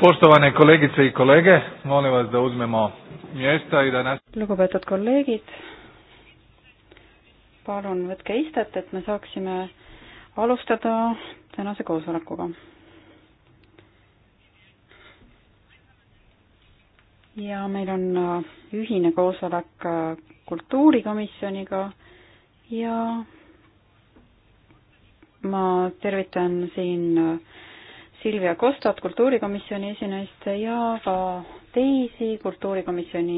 Poštovane kolegice i kolege, molim vas da uzmemo mjesta i da nas... Lugupeetud kolleegid, palun võtke istet, et me saaksime alustada tänase koosolekuga. ja meil on äh, ühine koosolek äh, kultuurikomisjoniga ja ma tervitan siin äh, Silvia Kostat, kultuurikomisjoni esinaist ja ka teisi kultuurikomisjoni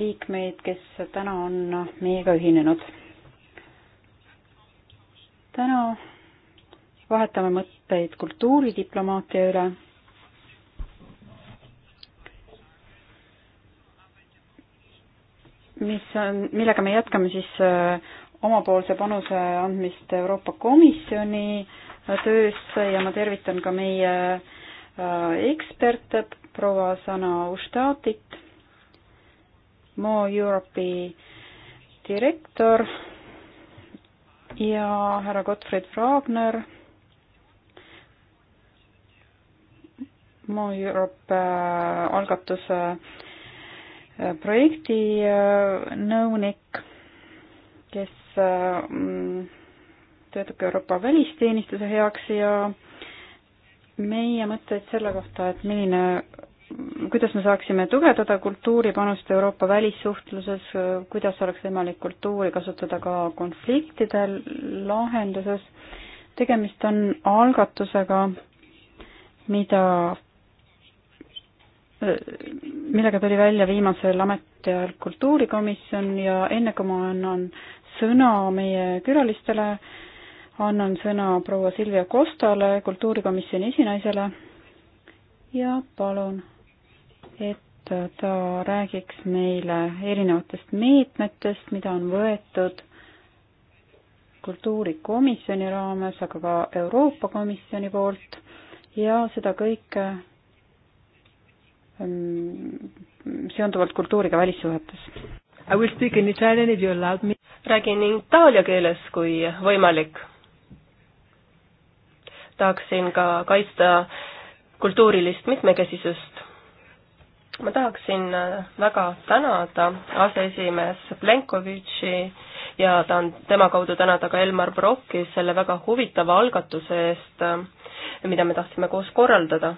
liikmeid, kes täna on meiega ühinenud. täna vahetame mõtteid kultuuridiplomaatia üle. mis on, millega me jätkame siis äh, omapoolse panuse andmist Euroopa Komisjoni äh, töös ja ma tervitan ka meie äh, eksperte, proua Sana Ustaatit, Mo Europe'i direktor ja härra Gottfried Wagner, Mo Europe äh, algatuse äh, projektinõunik, kes töötab ka Euroopa välisteenistuse heaks ja meie mõtteid selle kohta, et milline, kuidas me saaksime tugevdada kultuuripanust Euroopa välissuhtluses, kuidas oleks võimalik kultuuri kasutada ka konfliktide lahenduses. tegemist on algatusega, mida, millega tuli välja viimasel ametiajal kultuurikomisjon ja enne kui ma annan sõna meie külalistele, annan sõna proua Silvia Kostale, kultuurikomisjoni esinaisele ja palun, et ta räägiks meile erinevatest meetmetest, mida on võetud kultuurikomisjoni raames, aga ka Euroopa Komisjoni poolt ja seda kõike ähm, seonduvalt kultuuriga välissuhetes. I will speak in italian if you allow me. räägin itaalia keeles, kui võimalik tahaksin ka kaitsta kultuurilist mitmekesisust. ma tahaksin äh, väga tänada aseesimees Plenkovitši ja tahan tema kaudu tänada ka Elmar Brocki selle väga huvitava algatuse eest, äh, mida me tahtsime koos korraldada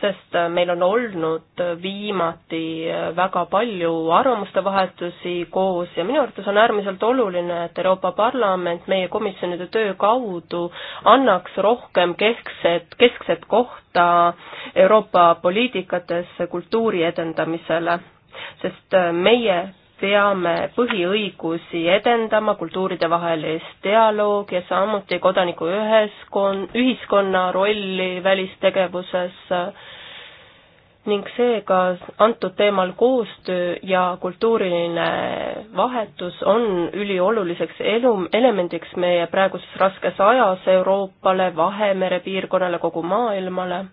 sest äh, meil on olnud äh, viimati äh, väga palju arvamuste vahetusi koos ja minu arvates on äärmiselt oluline, et Euroopa Parlament meie komisjonide töö kaudu annaks rohkem keskset, keskset kohta Euroopa poliitikates kultuuri edendamisele, sest meie peame põhiõigusi edendama, kultuuridevahelist dialoogi ja samuti kodaniku üheskon-, ühiskonna rolli välistegevuses ning seega antud teemal koostöö ja kultuuriline vahetus on ülioluliseks elu-, elemendiks meie praeguses raskes ajas Euroopale, Vahemere piirkonnale, kogu maailmale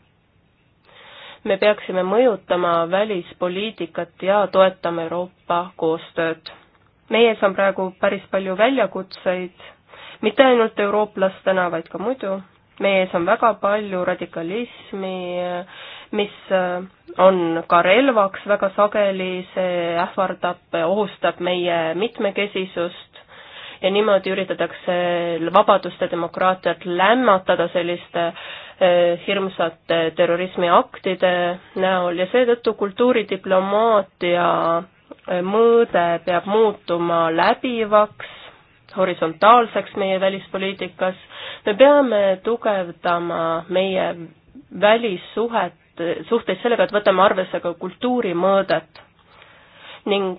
me peaksime mõjutama välispoliitikat ja toetama Euroopa koostööd. meie ees on praegu päris palju väljakutseid, mitte ainult eurooplastena, vaid ka muidu. meie ees on väga palju radikalismi, mis on ka relvaks väga sageli, see ähvardab, ohustab meie mitmekesisust ja niimoodi üritatakse vabadust ja demokraatiat lämmatada selliste äh, Eh, hirmsate terrorismiaktide näol ja seetõttu kultuuridiplomaatia eh, mõõde peab muutuma läbivaks, horisontaalseks meie välispoliitikas. me peame tugevdama meie välissuhet, eh, suhteid sellega, et võtame arvesse ka kultuurimõõdet ning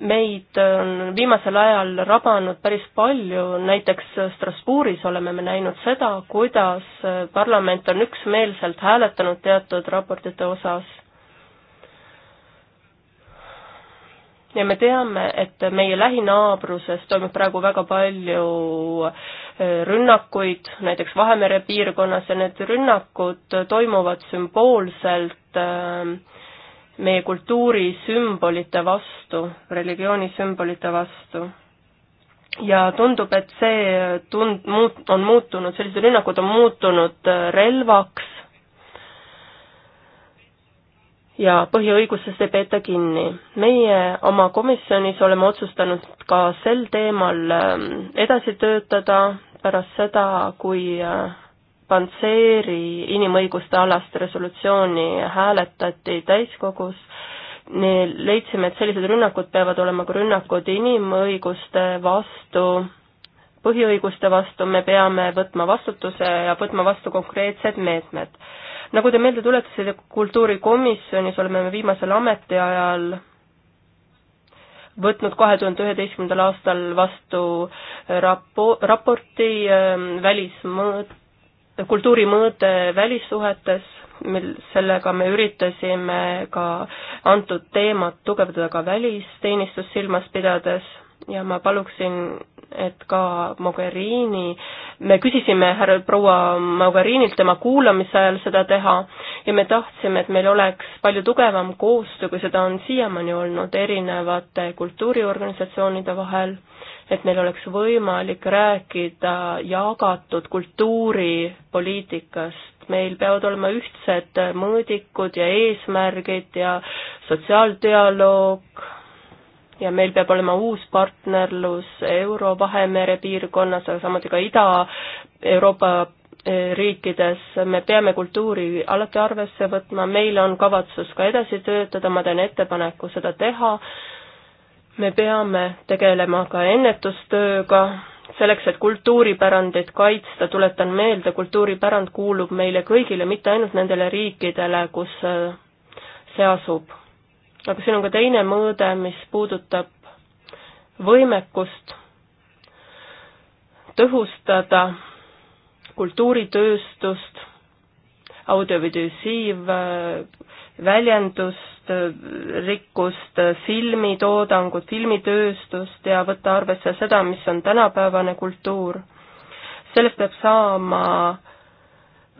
meid on viimasel ajal rabanud päris palju, näiteks Strasbourgis oleme me näinud seda, kuidas parlament on üksmeelselt hääletanud teatud raportite osas. ja me teame, et meie lähinaabruses toimub praegu väga palju äh, rünnakuid, näiteks Vahemere piirkonnas ja need rünnakud toimuvad sümboolselt äh, meie kultuuri sümbolite vastu, religiooni sümbolite vastu. ja tundub, et see tund-, muut-, on muutunud, sellised rünnakud on muutunud äh, relvaks ja põhiõigustest ei peeta kinni. meie oma komisjonis oleme otsustanud ka sel teemal ähm, edasi töötada pärast seda, kui äh, Panseri inimõiguste alast resolutsiooni hääletati täiskogus, leidsime, et sellised rünnakud peavad olema ka rünnakud inimõiguste vastu, põhiõiguste vastu, me peame võtma vastutuse ja võtma vastu konkreetsed meetmed. nagu te meelde tuletasite, kultuurikomisjonis oleme me viimasel ametiajal võtnud kahe tuhande üheteistkümnendal aastal vastu rapo-, raporti ähm, välismõõt-, kultuurimõõde välissuhetes, mil sellega me üritasime ka antud teemat tugevdada ka välisteenistust silmas pidades ja ma paluksin, et ka Mogherini, me küsisime härra proua Mogherinilt tema kuulamise ajal seda teha ja me tahtsime, et meil oleks palju tugevam koostöö, kui seda on siiamaani olnud erinevate kultuuriorganisatsioonide vahel et meil oleks võimalik rääkida jagatud kultuuripoliitikast. meil peavad olema ühtsed mõõdikud ja eesmärgid ja sotsiaaldialoog ja meil peab olema uus partnerlus Euro-Vahemere piirkonnas, aga samuti ka Ida-Euroopa eh, riikides, me peame kultuuri alati arvesse võtma, meil on kavatsus ka edasi töötada, ma teen ettepaneku seda teha, me peame tegelema ka ennetustööga, selleks, et kultuuripärandit kaitsta, tuletan meelde, kultuuripärand kuulub meile kõigile, mitte ainult nendele riikidele, kus äh, see asub. aga siin on ka teine mõõde, mis puudutab võimekust tõhustada kultuuritööstust, audiovisiiv, äh, väljendust, Äh, rikkust, äh, filmitoodangut, filmitööstust ja võtta arvesse seda, mis on tänapäevane kultuur. sellest peab saama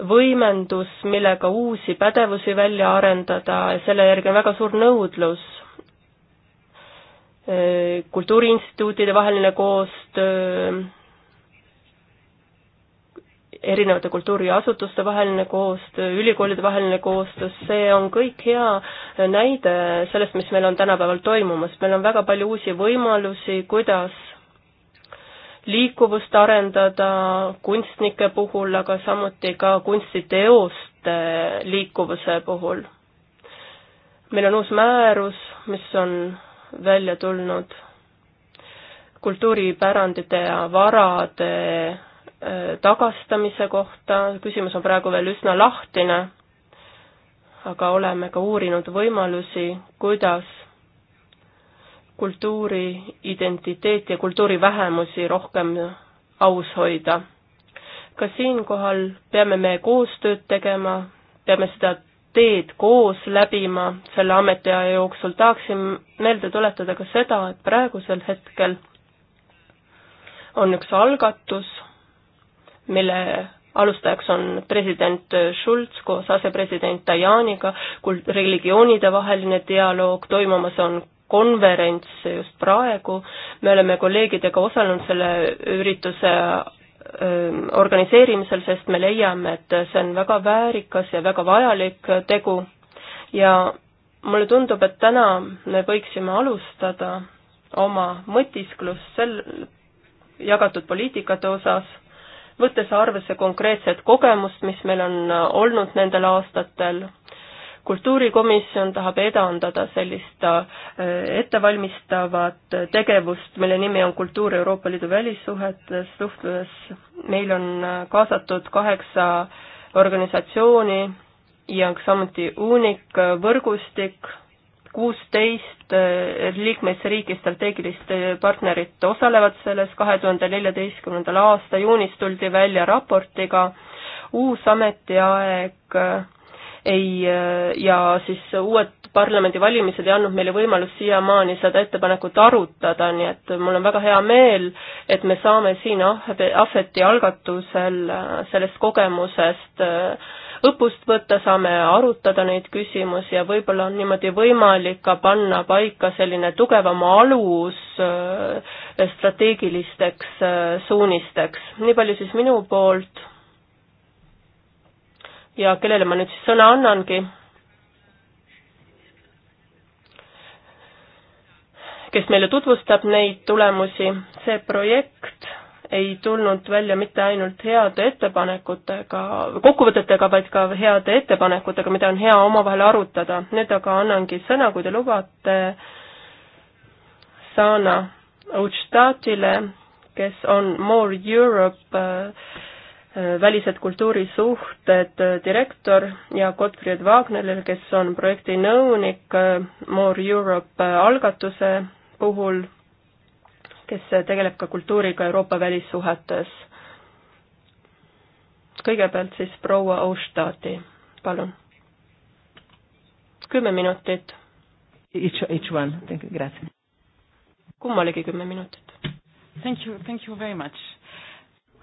võimendus, millega uusi pädevusi välja arendada ja selle järgi on väga suur nõudlus. Äh, kultuuriinstituutide vaheline koostöö erinevate kultuuriasutuste vaheline koostöö, ülikoolide vaheline koostöö, see on kõik hea näide sellest, mis meil on tänapäeval toimumas. meil on väga palju uusi võimalusi, kuidas liikuvust arendada kunstnike puhul, aga samuti ka kunstiteoste liikuvuse puhul. meil on uus määrus, mis on välja tulnud kultuuripärandite ja varade Äh, tagastamise kohta, küsimus on praegu veel üsna lahtine, aga oleme ka uurinud võimalusi, kuidas kultuuri identiteeti ja kultuurivähemusi rohkem aus hoida. ka siinkohal peame me koostööd tegema, peame seda teed koos läbima selle ametiaja jooksul, tahaksin meelde tuletada ka seda, et praegusel hetkel on üks algatus, mille alustajaks on president Schulz koos asepresident Tajaniga, kult-, religioonide vaheline dialoog, toimumas on konverents just praegu, me oleme kolleegidega osalenud selle ürituse ähm, organiseerimisel, sest me leiame, et see on väga väärikas ja väga vajalik tegu ja mulle tundub, et täna me võiksime alustada oma mõtisklust sel-, jagatud poliitikate osas võttes arvesse konkreetset kogemust, mis meil on äh, olnud nendel aastatel. kultuurikomisjon tahab edendada sellist äh, ettevalmistavat tegevust, mille nimi on Kultuur Euroopa Liidu välissuhetes, suhtluses. meil on äh, kaasatud kaheksa organisatsiooni ja samuti UNIC võrgustik kuusteist eh, liikmesriigi strateegilist eh, partnerit osalevad selles, kahe tuhande neljateistkümnendal aasta juunis tuldi välja raportiga, uus ametiaeg eh, ei ja siis uued parlamendivalimised ei andnud meile võimalust siiamaani seda ettepanekut arutada, nii et mul on väga hea meel, et me saame siin Ahveti algatusel sellest kogemusest äh, õppust võtta, saame arutada neid küsimusi ja võib-olla on niimoodi võimalik ka panna paika selline tugevam alus äh, strateegilisteks äh, suunisteks. nii palju siis minu poolt. ja kellele ma nüüd siis sõna annangi? kes meile tutvustab neid tulemusi, see projekt ei tulnud välja mitte ainult heade ettepanekutega, kokkuvõtetega, vaid ka heade ettepanekutega, mida on hea omavahel arutada. nüüd aga annangi sõna, kui te lubate, Sana Utštatile, kes on More Europe äh, äh, välised kultuurisuhted äh, direktor ja Gottfried Wagnerile, kes on projekti nõunik More Europe algatuse puhul kes tegeleb ka kultuuriga Euroopa välissuhetes. kõigepealt siis proua Oustati, palun. kümme minutit. Each, each one, thank you, grazie. kummalegi kümme minutit. Thank you, thank you very much.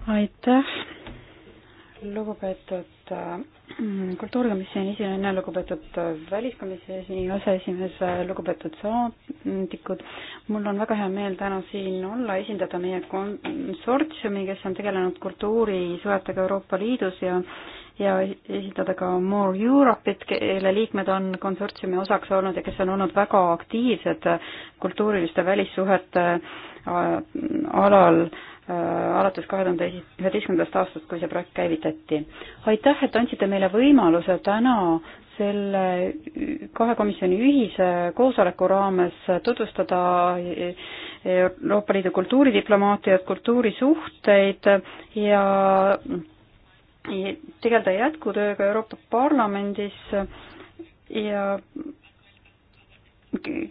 aitäh lugupeetud äh, kultuurikomisjoni esinaine, lugupeetud äh, väliskomisjoni aseesimees, äh, lugupeetud saadikud, mul on väga hea meel täna siin olla, esindada meie konsortsiumi, kes on tegelenud kultuurisuhetega Euroopa Liidus ja ja esitada ka More Europe'it, kelle liikmed on konsortsiumi osaks olnud ja kes on olnud väga aktiivsed kultuuriliste välissuhete alal äh, Äh, alates kahe tuhande üheteistkümnendast aastast, kui see projekt käivitati. aitäh, et andsite meile võimaluse täna selle kahe komisjoni ühise koosoleku raames tutvustada Euroopa Liidu kultuuridiplomaatiat, kultuurisuhteid ja tegeleda jätkutööga Euroopa Parlamendis ja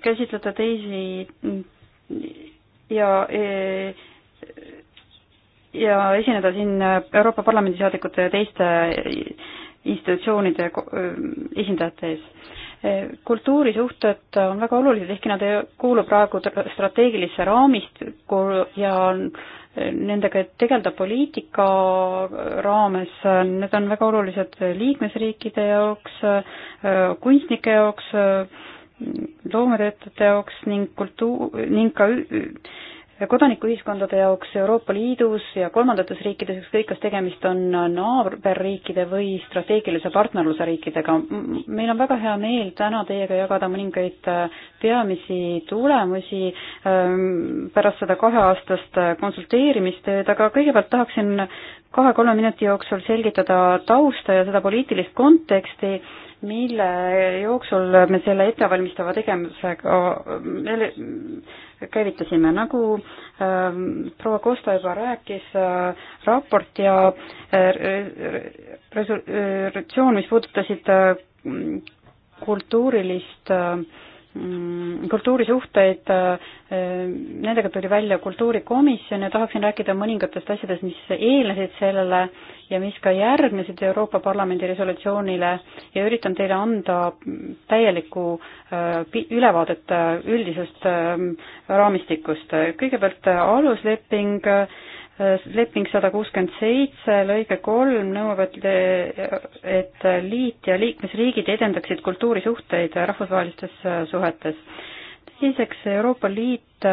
käsitleda teisi ja e, ja esineda siin Euroopa Parlamendi saadikute ja teiste institutsioonide esindajate ees. kultuurisuhted on väga olulised, ehkki nad ei kuulu praegu strateegilisse raamistikku ja nendega tegeleda poliitika raames, need on väga olulised liikmesriikide jaoks, kunstnike jaoks, loometöötajate jaoks ning kultuur, ning ka kodanikuühiskondade jaoks Euroopa Liidus ja kolmandates riikides, ükskõik kas tegemist on naaberriikide või strateegilise partnerluse riikidega. meil on väga hea meel täna teiega jagada mõningaid äh, peamisi tulemusi ähm, pärast seda kaheaastast äh, konsulteerimistööd, aga kõigepealt tahaksin kahe-kolme minuti jooksul selgitada tausta ja seda poliitilist konteksti, mille jooksul me selle ettevalmistava tegevusega, käivitasime, nagu äh, proua Kosta juba rääkis äh,, raport ja äh, äh resolutsioon, mis puudutasid äh, kultuurilist äh, Mm, kultuurisuhteid, äh, nendega tuli välja kultuurikomisjon ja tahaksin rääkida mõningatest asjadest, mis eelnesid sellele ja mis ka järgnesid Euroopa Parlamendi resolutsioonile ja üritan teile anda täielikku äh, ülevaadet äh, üldisest raamistikust. kõigepealt alusleping leping sada kuuskümmend seitse lõige kolm nõuab, et, et liit ja liikmesriigid edendaksid kultuurisuhteid rahvusvahelistes suhetes. teiseks, Euroopa Liit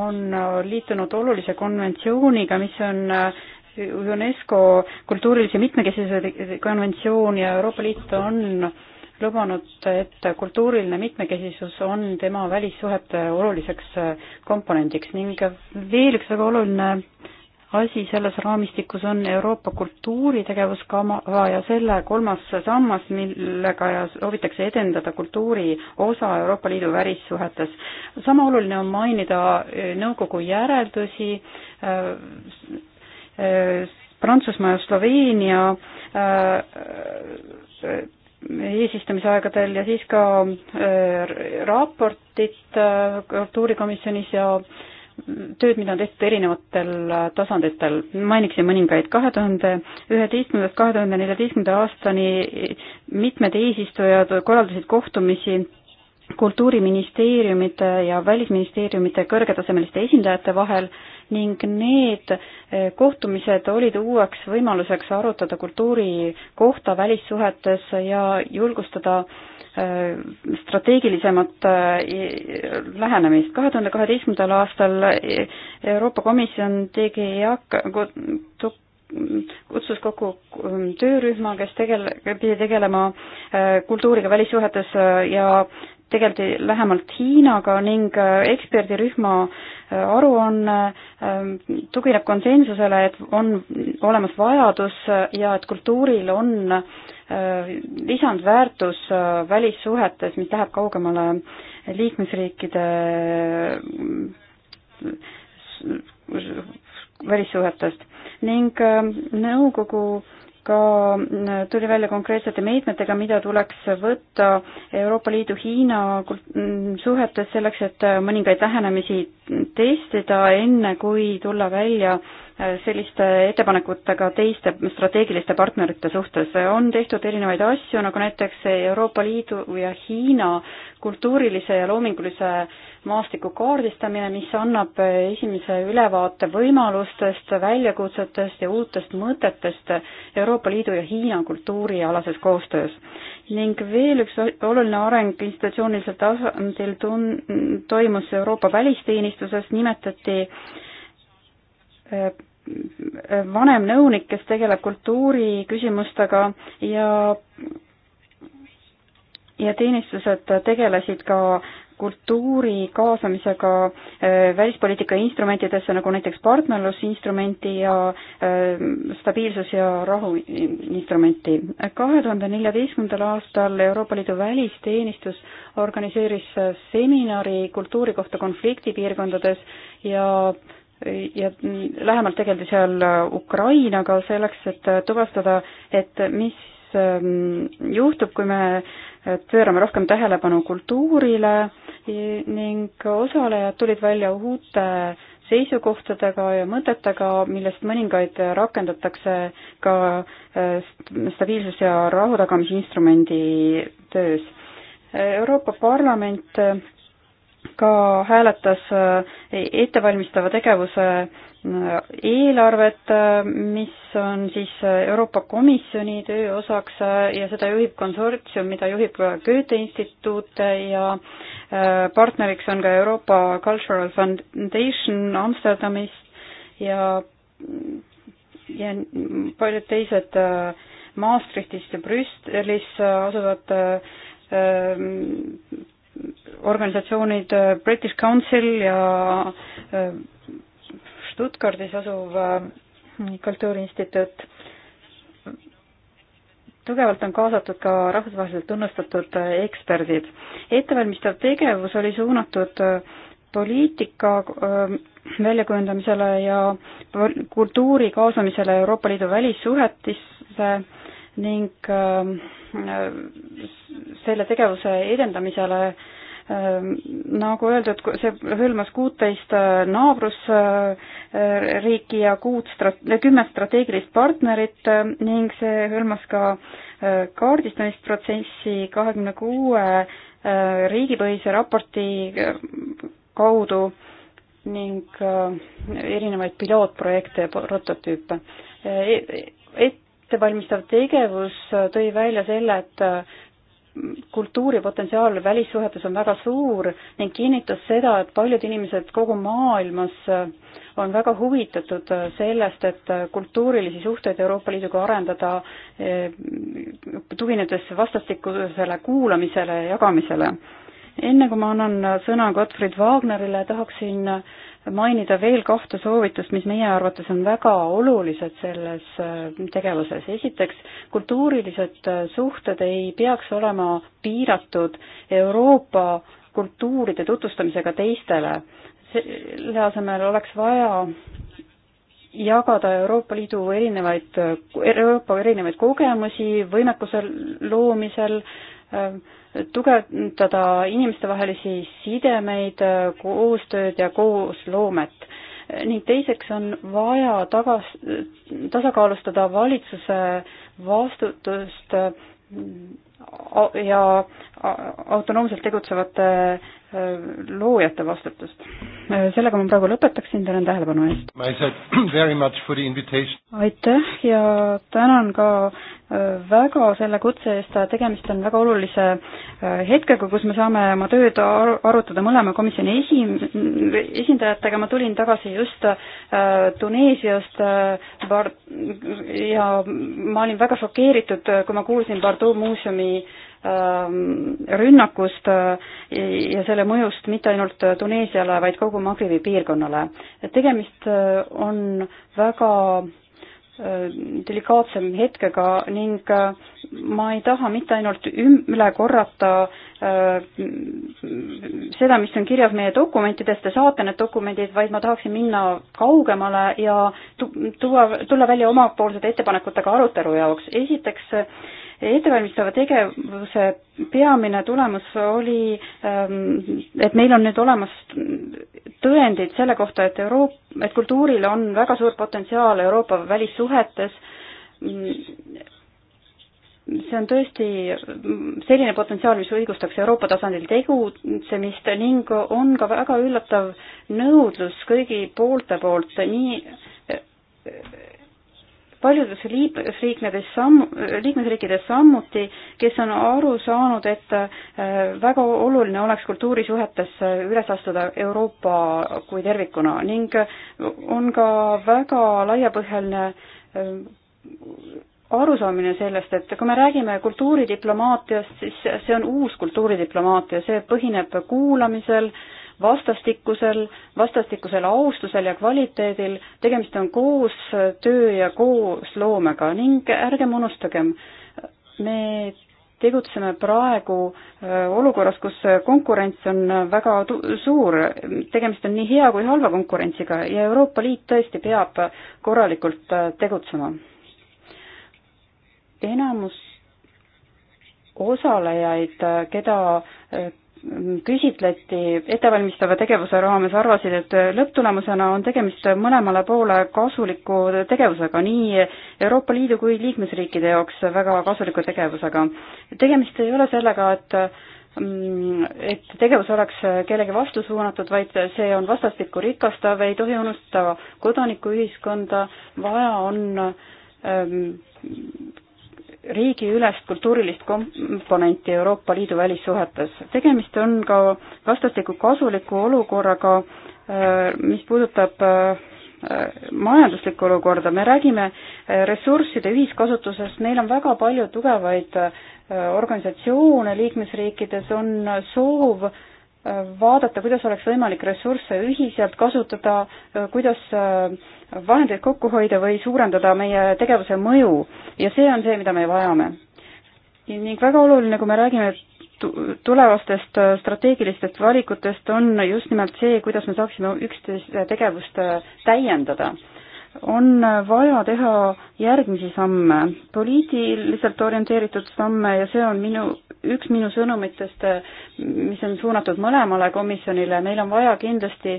on liitunud olulise konventsiooniga, mis on UNESCO kultuurilise mitmekesisuse konventsioon ja Euroopa Liit on äh, lubanud, et kultuuriline mitmekesisus on tema välissuhete oluliseks äh, komponendiks ning veel üks väga oluline asi selles raamistikus on Euroopa kultuuritegevuskava ja selle kolmas sammas, millega soovitakse edendada kultuuri osa Euroopa Liidu välissuhetes. sama oluline on mainida äh, nõukogu järeldusi äh, Prantsusmaa ja Sloveenia eesistumisaegadel ja siis ka äh, raportit äh, kultuurikomisjonis ja tööd, mida on tehtud erinevatel äh, tasanditel. mainiksin mõningaid. kahe tuhande üheteistkümnendast kahe tuhande neljateistkümnenda aastani mitmed eesistujad korraldasid kohtumisi kultuuriministeeriumite ja välisministeeriumite kõrgetasemeliste esindajate vahel ning need eh, kohtumised olid uueks võimaluseks arutada kultuuri kohta välissuhetes ja julgustada eh, strateegilisemat eh, lähenemist. kahe tuhande kaheteistkümnendal aastal Euroopa Komisjon tegi EAK kutsus kokku mm, töörühma, kes tegele-, pidi tegelema kultuuriga välissuhetes ja tegeleti lähemalt Hiinaga ning eksperdirühma äh, aruanne tugineb konsensusele, et on olemas vajadus ja et kultuuril on äh, lisandväärtus äh, välissuhetes, mis läheb kaugemale liikmesriikide äh, välissuhetest ning nõukogu ka äh, tuli välja konkreetsete meetmetega, mida tuleks võtta Euroopa Liidu Hiina mm, suhetes selleks, et äh, mõningaid lähenemisi testida, enne kui tulla välja äh, selliste ettepanekutega teiste strateegiliste partnerite suhtes. on tehtud erinevaid asju, nagu näiteks Euroopa Liidu ja Hiina kultuurilise ja loomingulise maastiku kaardistamine, mis annab esimese ülevaate võimalustest, väljakutsetest ja uutest mõtetest Euroopa Liidu ja Hiina kultuurialases koostöös. ning veel üks oluline areng institutsioonilisel tasandil tun-, toimus Euroopa välisteenistuses, nimetati äh, vanem nõunik, kes tegeleb kultuuriküsimustega ja ja teenistused tegelesid ka kultuuri kaasamisega eh, välispoliitika instrumentidesse, nagu näiteks partnerlusinstrumenti ja eh, stabiilsus- ja rahuinstrumenti. kahe tuhande neljateistkümnendal aastal Euroopa Liidu välisteenistus organiseeris seminari kultuuri kohta konfliktipiirkondades ja ja lähemalt tegeldi seal Ukrainaga selleks, et tuvastada, et mis eh, juhtub, kui me pöörame rohkem tähelepanu kultuurile ning osalejad tulid välja uute seisukohtadega ja mõtetega, millest mõningaid rakendatakse ka äh, stabiilsus- ja rahutagamise instrumendi töös. Euroopa Parlament äh, ka hääletas äh, ettevalmistava tegevuse eelarvet, mis on siis Euroopa Komisjoni töö osaks ja seda juhib konsortsium, mida juhib Goethe instituut ja äh, partneriks on ka Euroopa Cultural Foundation Amsterdamist ja, ja paljud teised äh, Maastrichtis ja Brüsselis äh, asuvad äh, organisatsioonid British Council ja Stuttgardis asuv kultuuriinstituut tugevalt on kaasatud ka rahvusvaheliselt tunnustatud äh, eksperdid. ettevalmistav tegevus oli suunatud äh, poliitika äh, väljakujundamisele ja kultuuri kaasamisele Euroopa Liidu välissuhetisse ning selle tegevuse edendamisele Ehm, nagu öeldud, see hõlmas kuuteist äh, naabrusriiki ja kuut strat-, kümmet strateegilist partnerit äh, ning see hõlmas ka äh, kaardistamisprotsessi kahekümne kuue riigipõhise raporti kaudu ning erinevaid pilootprojekte ja prototüüpe. E-, e-, ettevalmistav tegevus tõi välja selle, et kultuuripotentsiaal välissuhetes on väga suur ning kinnitas seda, et paljud inimesed kogu maailmas äh, on väga huvitatud äh, sellest, et äh, kultuurilisi suhteid Euroopa Liiduga arendada, tuginedes vastastikusele kuulamisele ja jagamisele. enne kui ma annan sõna Gottfried Wagnerile, tahaksin äh, mainida veel kahte soovitust, mis meie arvates on väga olulised selles äh, tegevuses. esiteks, kultuurilised äh, suhted ei peaks olema piiratud Euroopa kultuuride tutvustamisega teistele. selle asemel oleks vaja jagada Euroopa Liidu erinevaid, Euroopa erinevaid kogemusi võimekuse loomisel äh,, tugevdada inimestevahelisi sidemeid, koostööd ja koosloomet ning teiseks on vaja tagas-, tasakaalustada valitsuse vastutust ja autonoomselt tegutsevate loojate vastutust. sellega ma praegu lõpetaksin, tänan tähelepanu eest. aitäh ja tänan ka äh, väga selle kutse eest, äh, tegemist on väga olulise äh, hetkega, kus me saame oma tööd ar arutada mõlema komisjoni esi-, esindajatega, ma tulin tagasi just äh, Tuneesiast äh, bar- ja ma olin väga šokeeritud, kui ma kuulsin Bardot muuseumi äh, Ähm, rünnakust äh, ja selle mõjust mitte ainult Tuneesiale, vaid kogu Magribi piirkonnale. et tegemist äh, on väga äh, delikaatsem hetkega ning ma ei taha mitte ainult üle korrata seda, mis on kirjas meie dokumentides, te saate need dokumendid, vaid ma tahaksin minna kaugemale ja tuua, tulla välja omapoolsete ettepanekutega arutelu jaoks. esiteks ettevalmistava tegevuse peamine tulemus oli, ähm, et meil on nüüd olemas tõendid selle kohta, et Euroop-, et kultuuril on väga suur potentsiaal Euroopa välissuhetes, see on tõesti selline potentsiaal, mis õigustaks Euroopa tasandil tegutsemist ning on ka väga üllatav nõudlus kõigi poolte poolt, nii paljudes liikmesriikides samm, liikmesriikides samuti, kes on aru saanud, et äh, väga oluline oleks kultuurisuhetes äh, üles astuda Euroopa kui tervikuna ning äh, on ka väga laiapõhjaline arusaamine sellest, et kui me räägime kultuuridiplomaatiast, siis see on uus kultuuridiplomaatia, see põhineb kuulamisel äh,, vastastikusel, vastastikusel austusel ja kvaliteedil, tegemist on koostöö ja koosloomega ning ärgem unustagem, me tegutseme praegu äh, olukorras, kus konkurents on väga suur, tegemist on nii hea kui halva konkurentsiga ja Euroopa Liit tõesti peab korralikult äh, tegutsema. enamus osalejaid, äh, keda küsitleti ettevalmistava tegevuse raames, arvasid, et lõpptulemusena on tegemist mõlemale poole kasuliku tegevusega, nii Euroopa Liidu kui liikmesriikide jaoks väga kasuliku tegevusega. tegemist ei ole sellega, et mm, et tegevus oleks kellegi vastu suunatud, vaid see on vastastikku rikastav, ei tohi unustada kodanikuühiskonda, vaja on ähm, riigiülest kultuurilist komponenti Euroopa Liidu välissuhetes. tegemist on ka vastastikku kasuliku olukorraga, äh, mis puudutab äh, majanduslikku olukorda, me räägime äh, ressursside ühiskasutusest, meil on väga palju tugevaid organisatsioone liikmesriikides, on soov äh, vaadata, kuidas oleks võimalik ressursse ühiselt kasutada, kuidas äh, vahendeid kokku hoida või suurendada meie tegevuse mõju ja see on see, mida me vajame. ning väga oluline, kui me räägime tulevastest äh, strateegilistest valikutest, on just nimelt see, kuidas me saaksime üksteise äh, tegevust täiendada on vaja teha järgmisi samme, poliitiliselt orienteeritud samme ja see on minu üks minu sõnumitest, mis on suunatud mõlemale komisjonile, meil on vaja kindlasti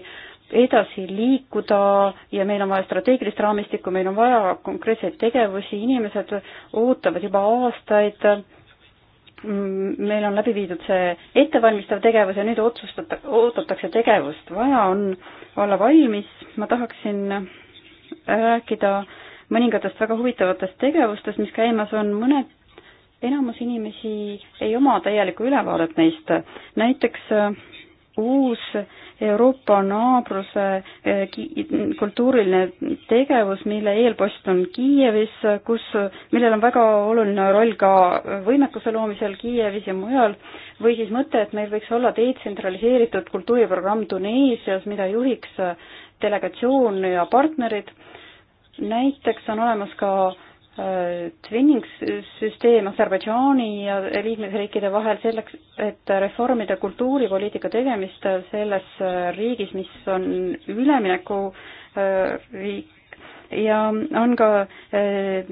edasi liikuda ja meil on vaja strateegilist raamistikku, meil on vaja konkreetseid tegevusi, inimesed ootavad juba aastaid, meil on läbi viidud see ettevalmistav tegevus ja nüüd otsustata-, oodatakse tegevust, vaja on olla valmis, ma tahaksin rääkida mõningatest väga huvitavatest tegevustest, mis käimas on, mõned enamus inimesi ei oma täielikku ülevaadet neist. näiteks äh, uus Euroopa naabruse äh, kultuuriline tegevus, mille eelpost on Kiievis, kus, millel on väga oluline roll ka võimekuse loomisel Kiievis ja mujal, või siis mõte, et meil võiks olla detsentraliseeritud kultuuriprogramm Tuneesias, mida juhiks äh, delegatsioon ja partnerid. näiteks on olemas ka äh, twinning-süsteem Aserbaidžaani ja liikmesriikide vahel selleks, et reformida kultuuripoliitika tegemist selles riigis, mis on ülemineku äh, riik ja on ka äh,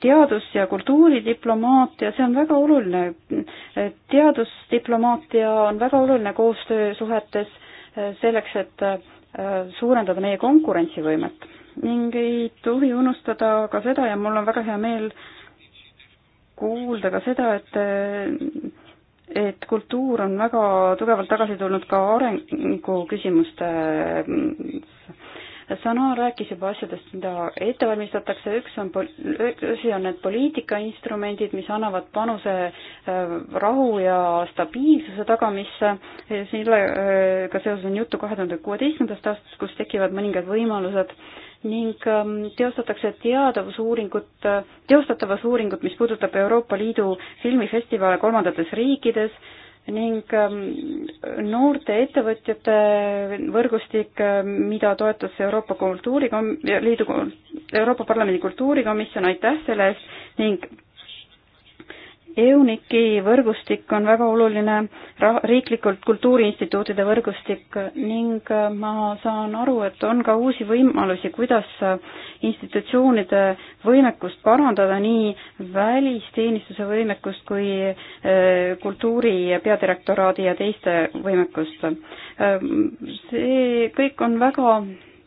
teadus- ja kultuuridiplomaatia, see on väga oluline. teadusdiplomaatia on väga oluline koostöösuhetes äh, selleks, et suurendada meie konkurentsivõimet ning ei tohi unustada ka seda ja mul on väga hea meel kuulda ka seda, et et kultuur on väga tugevalt tagasi tulnud ka arenguküsimuste Sana rääkis juba asjadest, mida ette valmistatakse, üks on, asi on need poliitikainstrumendid, mis annavad panuse äh, rahu ja stabiilsuse tagamisse, sellega äh, seoses on juttu kahe tuhande kuueteistkümnendast aastast, kus tekivad mõningad võimalused ning ähm, teostatakse teadavusuuringut, äh, teostatavas uuringut, mis puudutab Euroopa Liidu filmifestivale kolmandates riikides ning ähm, noorte ettevõtjate võrgustik, äh, mida toetas Euroopa Kultuurikom-, Liidu, Euroopa Parlamendi kultuurikomisjon, aitäh selle eest, ning EUNIC-i võrgustik on väga oluline riiklikult kultuuriinstituutide võrgustik ning äh, ma saan aru, et on ka uusi võimalusi, kuidas äh, institutsioonide võimekust parandada, nii välisteenistuse võimekust kui äh, kultuuri peadirektoraadi ja teiste võimekust. see kõik on väga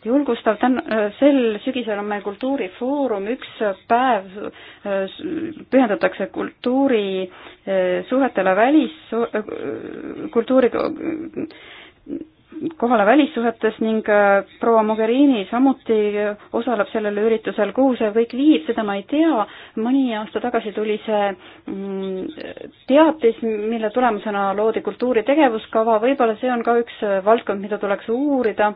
julgustav, tän-, sel sügisel on meil Kultuurifoorum, üks päev äh, pühendatakse kultuuri äh, suhetele välis, äh, kultuuri kohale välissuhetes ning proua Mogherini samuti osaleb sellel üritusel, kuhu see kõik viib, seda ma ei tea, mõni aasta tagasi tuli see mm, teatis, mille tulemusena loodi kultuuritegevuskava, võib-olla see on ka üks valdkond, mida tuleks uurida,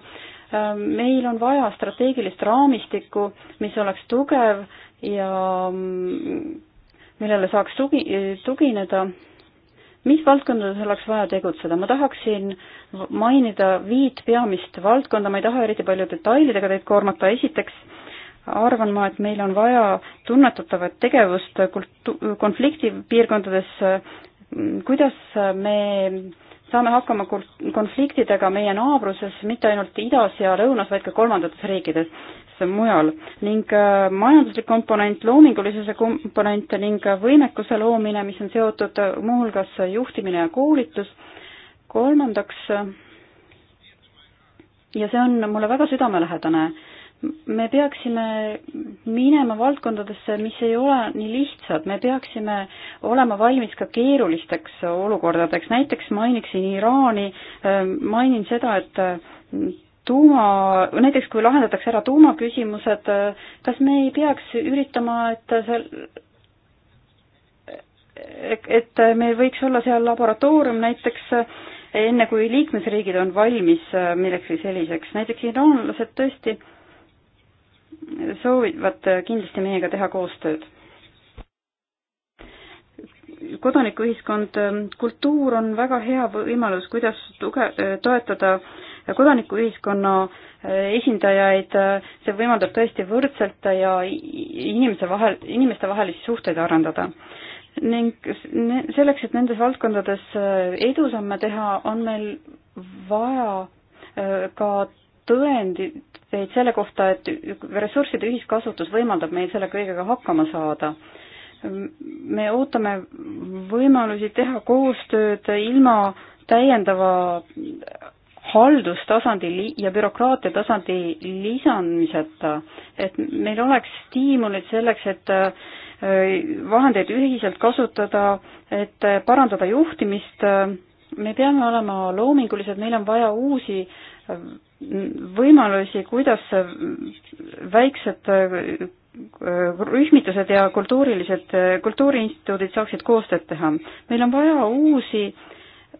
Ähm, meil on vaja strateegilist raamistikku, mis oleks tugev ja mm, millele saaks tugi, tugineda. mis valdkondades oleks vaja tegutseda? ma tahaksin mainida viit peamist valdkonda, ma ei taha eriti palju detailidega teid koormata, esiteks arvan ma, et meil on vaja tunnetatavat tegevust konfliktipiirkondades, kuidas me saame hakkama konfliktidega meie naabruses, mitte ainult idas ja lõunas, vaid ka kolmandates riikides mujal ning äh, majanduslik komponent, loomingulisuse komponent ning võimekuse loomine, mis on seotud äh, muuhulgas juhtimine ja koolitus. kolmandaks, äh, ja see on mulle väga südamelähedane me peaksime minema valdkondadesse, mis ei ole nii lihtsad, me peaksime olema valmis ka keerulisteks olukordadeks, näiteks mainiksin Iraani, ähm, mainin seda, et äh, tuuma, näiteks kui lahendatakse ära tuumaküsimused, äh, kas me ei peaks üritama, et äh, seal et meil võiks olla seal laboratoorium näiteks enne, kui liikmesriigid on valmis millekski selliseks, näiteks iraanlased tõesti äh, soovivad kindlasti meiega teha koostööd. kodanikuühiskond, kultuur on väga hea võimalus, kuidas tuge-, toetada kodanikuühiskonna esindajaid, see võimaldab tõesti võrdselt ja inimese vahel, inimestevahelisi suhteid arendada ning selleks, et nendes valdkondades edusamme teha, on meil vaja äh, ka tõendi, teid selle kohta, et ressursside ühiskasutus võimaldab meil selle kõigega hakkama saada. me ootame võimalusi teha koostööd ilma täiendava haldustasandi ja bürokraatia tasandi lisandmiseta, et meil oleks stiimulid selleks, et äh, vahendeid ühiselt kasutada, et äh, parandada juhtimist, me peame olema loomingulised, meil on vaja uusi äh, võimalusi, kuidas väiksed äh, rühmitused ja kultuurilised, äh, kultuuriinstituudid saaksid koostööd teha. meil on vaja uusi,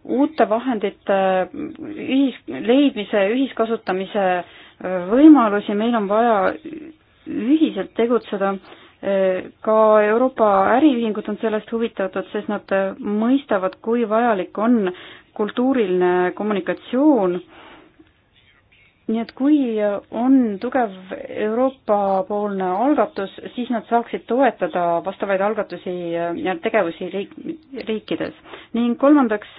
uute vahendite äh, ühis, leidmise, ühiskasutamise võimalusi, meil on vaja ühiselt tegutseda, ka Euroopa äriühingud on sellest huvitatud, sest nad mõistavad, kui vajalik on kultuuriline kommunikatsioon äh, nii et kui on tugev Euroopa-poolne algatus, siis nad saaksid toetada vastavaid algatusi ja tegevusi riik, riikides. ning kolmandaks,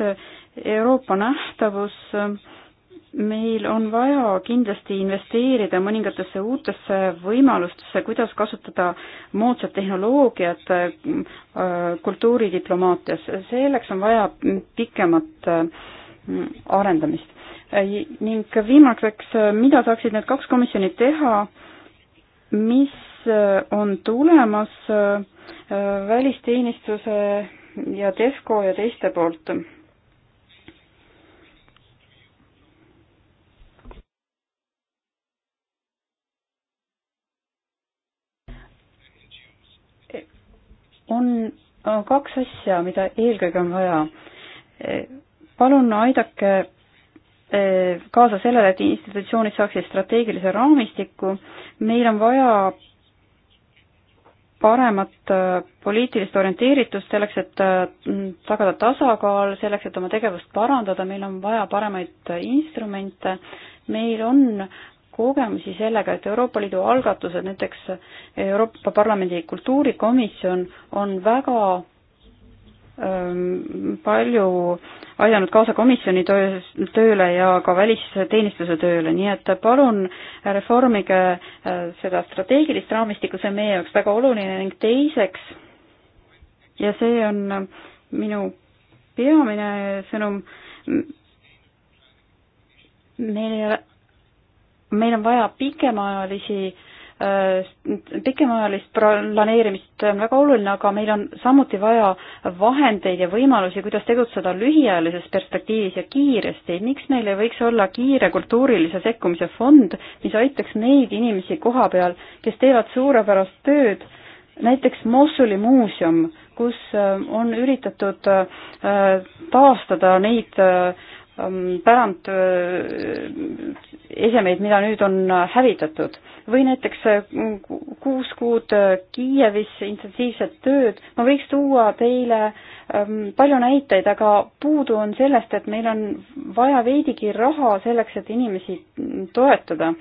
Euroopa nähtavus, meil on vaja kindlasti investeerida mõningatesse uutesse võimalustesse, kuidas kasutada moodsat tehnoloogiat äh, kultuuridiplomaatias, selleks on vaja pikemat äh, arendamist Äh, ning viimaseks, äh, mida saaksid need kaks komisjoni teha, mis äh, on tulemas välisteenistuse ja Tesco ja teiste poolt? on kaks asja, mida eelkõige on vaja. palun aidake Eh, kaasa sellele, et institutsioonid saaksid strateegilise raamistiku. meil on vaja paremat eh, poliitilist orienteeritust selleks, et eh, tagada tasakaal, selleks, et oma tegevust parandada, meil on vaja paremaid instrumente, meil on kogemusi sellega, et Euroopa Liidu algatused, näiteks Euroopa Parlamendi kultuurikomisjon on väga ehm, palju aidanud kaasa komisjoni töö, tööle ja ka välisteenistuse tööle, nii et palun reformige äh, seda strateegilist raamistikku, see on meie jaoks väga oluline ning teiseks, ja see on minu peamine sõnum, meil ei ole, meil on vaja pikemaajalisi äh, Äh, pikemaajalist planeerimist on väga oluline, aga meil on samuti vaja vahendeid ja võimalusi, kuidas tegutseda lühiajalises perspektiivis ja kiiresti. miks meil ei võiks olla kiire kultuurilise sekkumise fond, mis aitaks neid inimesi koha peal, kes teevad suurepärast tööd, näiteks Mossuli muuseum, kus äh, on üritatud äh, taastada neid pärand esemeid, mida nüüd on hävitatud või näiteks äh, kuus kuud äh, Kiievis intensiivset tööd. ma võiks tuua teile ähm, palju näiteid, aga puudu on sellest, et meil on vaja veidigi raha selleks, et inimesi mm, toetada.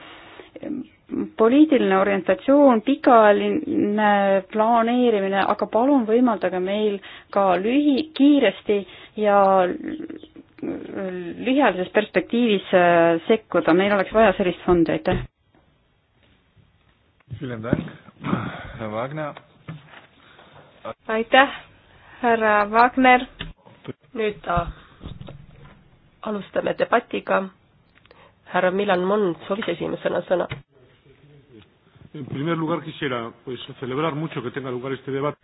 poliitiline orientatsioon, pikaajaline planeerimine, aga palun võimaldage meil ka lühi, kiiresti ja lühiajalises perspektiivis äh, sekkuda, meil oleks vaja sellist fondi, aitäh! aitäh, härra Wagner. nüüd alustame debatiga. härra Milan Mon soovis esimesena sõna. En primer lugar quisiera pues celebrar mucho que tenga lugar este debate.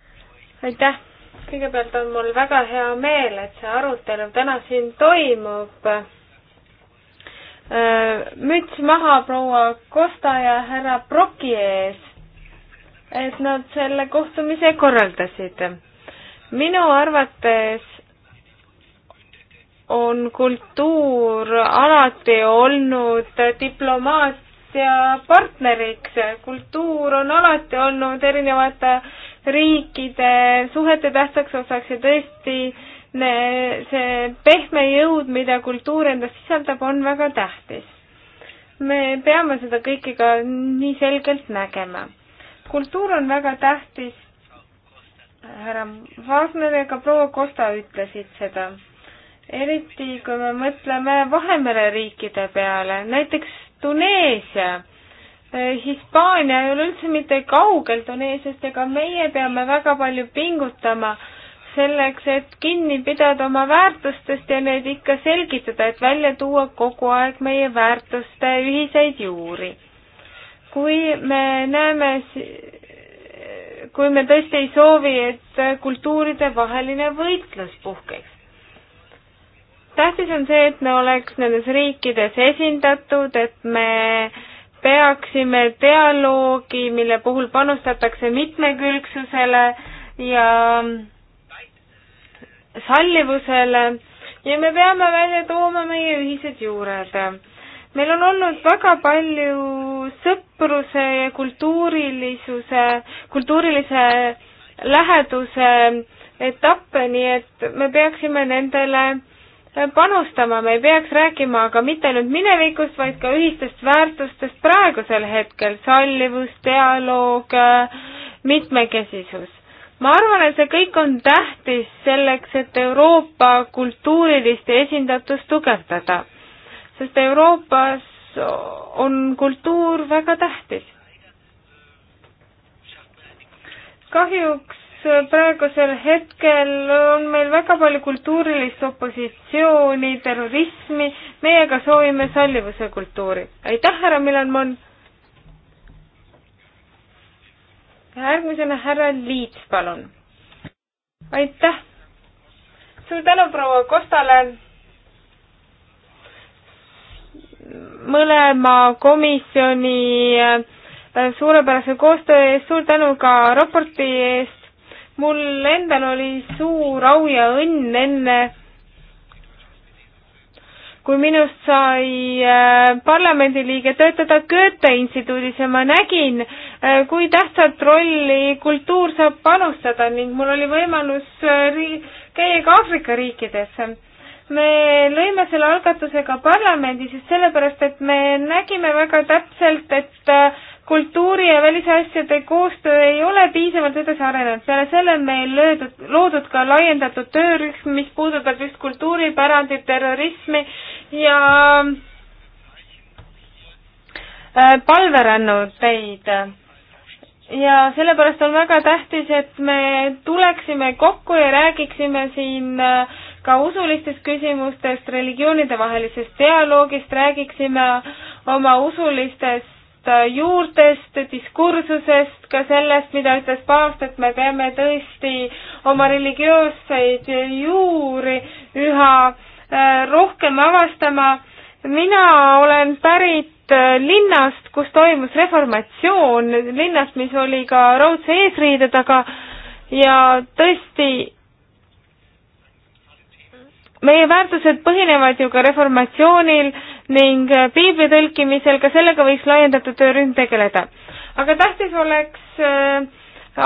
aitäh, kõigepealt on mul väga hea meel, et see arutelu täna siin toimub Äh, müts maha proua Kosta ja härra Proki ees, et nad selle kohtumise korraldasid. minu arvates on kultuur alati olnud diplomaatia partneriks, kultuur on alati olnud erinevate riikide suhete tähtsaks osaks ja tõesti äh, see pehme jõud, mida kultuur endas sisaldab, on väga tähtis. me peame seda kõike ka nii selgelt nägema. kultuur on väga tähtis, härra Wagner ja ka proua Kosta ütlesid seda. eriti, kui me mõtleme Vahemere riikide peale, näiteks Tuneesia eh, Hispaania ei ole üldse mitte kaugel Tuneesiast, ega meie peame väga palju pingutama selleks, et kinni pidada oma väärtustest ja neid ikka selgitada, et välja tuua kogu aeg meie väärtuste ühiseid juuri. kui me näeme, kui me tõesti ei soovi, et kultuuride vaheline võitlus puhkeks. tähtis on see, et me oleks nendes riikides esindatud, et me peaksime dialoogi, mille puhul panustatakse mitmekülgsusele ja sallivusele ja me peame välja tooma meie ühised juured. meil on olnud väga palju sõpruse ja kultuurilisuse, kultuurilise läheduse etappe, nii et me peaksime nendele panustama, me ei peaks rääkima aga mitte ainult minevikust, vaid ka ühistest väärtustest praegusel hetkel, sallivus, dialoog, mitmekesisus ma arvan, et see kõik on tähtis selleks, et Euroopa kultuurilist esindatust tugevdada, sest Euroopas on kultuur väga tähtis. kahjuks praegusel hetkel on meil väga palju kultuurilist opositsiooni, terrorismi, meie aga soovime sallivuse kultuuri. aitäh, härra Milan Mon! järgmisena härra Liits, palun. aitäh. suur tänu proua Kostale mõlema komisjoni äh, suurepärase koostöö eest, suur tänu ka raporti eest. mul endal oli suur au ja õnn enne kui minust sai äh, parlamendiliige töötada Goethe instituudis ja ma nägin, äh, kui tähtsat rolli kultuur saab panustada ning mul oli võimalus äh, käia ka Aafrika riikides. me lõime selle algatuse ka parlamendi, sest sellepärast, et me nägime väga täpselt, et kultuuri ja välisasjade koostöö ei ole piisavalt edasi arenenud, peale selle on meil löödud, loodud ka laiendatud töörühm, mis puudutab just kultuuripärandit, terrorismi ja äh, palverännuteid. ja sellepärast on väga tähtis, et me tuleksime kokku ja räägiksime siin äh, ka usulistest küsimustest, religioonide vahelisest dialoogist, räägiksime oma usulistest Äh, juurtest, diskursusest, ka sellest, mida ütles paavst, et me peame tõesti oma religioosseid juuri üha äh, rohkem avastama. mina olen pärit äh, linnast, kus toimus reformatsioon, linnast, mis oli ka raudse eesriide taga ja tõesti meie väärtused põhinevad ju ka reformatsioonil ning äh, piibli tõlkimisel, ka sellega võiks laiendatud töörühm tegeleda. aga tähtis oleks äh,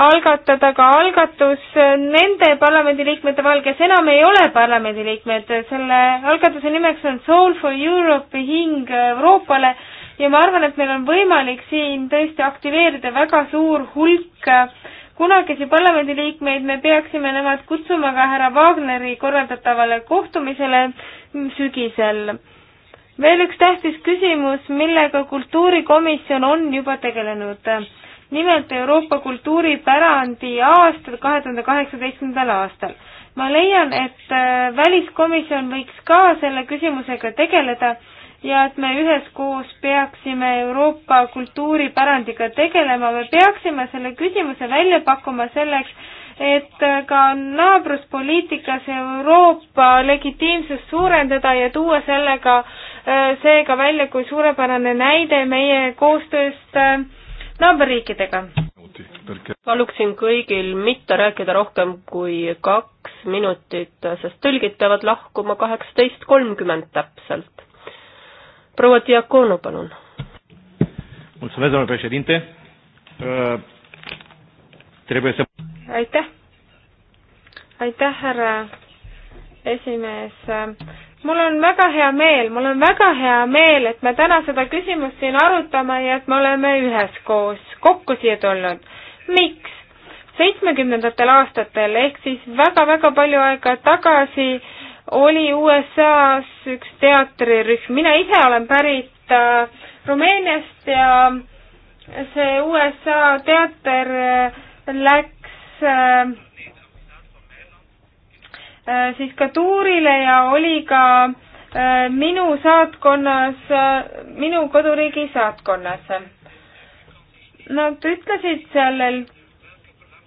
algatada ka algatus äh, nende parlamendiliikmete vahel, kes enam ei ole parlamendiliikmed, selle algatuse nimeks on Soul for Europe'i hing Euroopale ja ma arvan, et meil on võimalik siin tõesti aktiveerida väga suur hulk kunagisi parlamendiliikmeid me peaksime nemad kutsuma ka härra Wagneri korraldatavale kohtumisele sügisel veel üks tähtis küsimus, millega kultuurikomisjon on juba tegelenud. nimelt Euroopa kultuuripärandi aastal, kahe tuhande kaheksateistkümnendal aastal. ma leian, et äh, väliskomisjon võiks ka selle küsimusega tegeleda ja et me üheskoos peaksime Euroopa kultuuripärandiga tegelema, me peaksime selle küsimuse välja pakkuma selleks, et äh, ka naabruspoliitikas Euroopa legitiimsust suurendada ja tuua sellega Äh, seega välja kui suurepärane näide meie koostööst äh, naaberriikidega. paluksin kõigil mitte rääkida rohkem kui kaks minutit, sest tõlgid peavad lahkuma kaheksateist kolmkümmend täpselt. proua Diakonu, palun. Äh, aitäh, aitäh, härra esimees mul on väga hea meel, mul on väga hea meel, et me täna seda küsimust siin arutame ja et me oleme üheskoos kokku siia tulnud. miks? seitsmekümnendatel aastatel ehk siis väga-väga palju aega tagasi oli USA-s üks teatrirühm, mina ise olen pärit äh, Rumeeniast ja see USA teater äh, läks äh, Äh, siis ka tuurile ja oli ka äh, minu saatkonnas, äh, minu koduriigi saatkonnas. Nad ütlesid sellel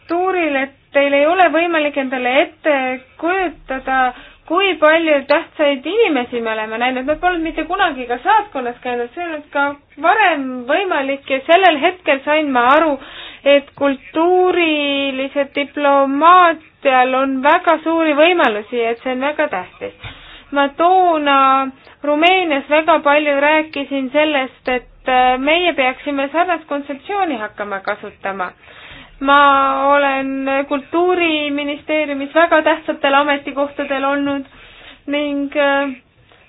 tuuril, et teil ei ole võimalik endale ette kujutada, kui palju tähtsaid inimesi me oleme näinud, me polnud mitte kunagi ka saatkonnas käinud, see ei olnud ka varem võimalik ja sellel hetkel sain ma aru, et kultuurilised diplomaat-, ettevõtjal on väga suuri võimalusi, et see on väga tähtis. ma toona Rumeenias väga palju rääkisin sellest, et äh, meie peaksime sarnast kontseptsiooni hakkama kasutama. ma olen Kultuuriministeeriumis väga tähtsatel ametikohtadel olnud ning äh,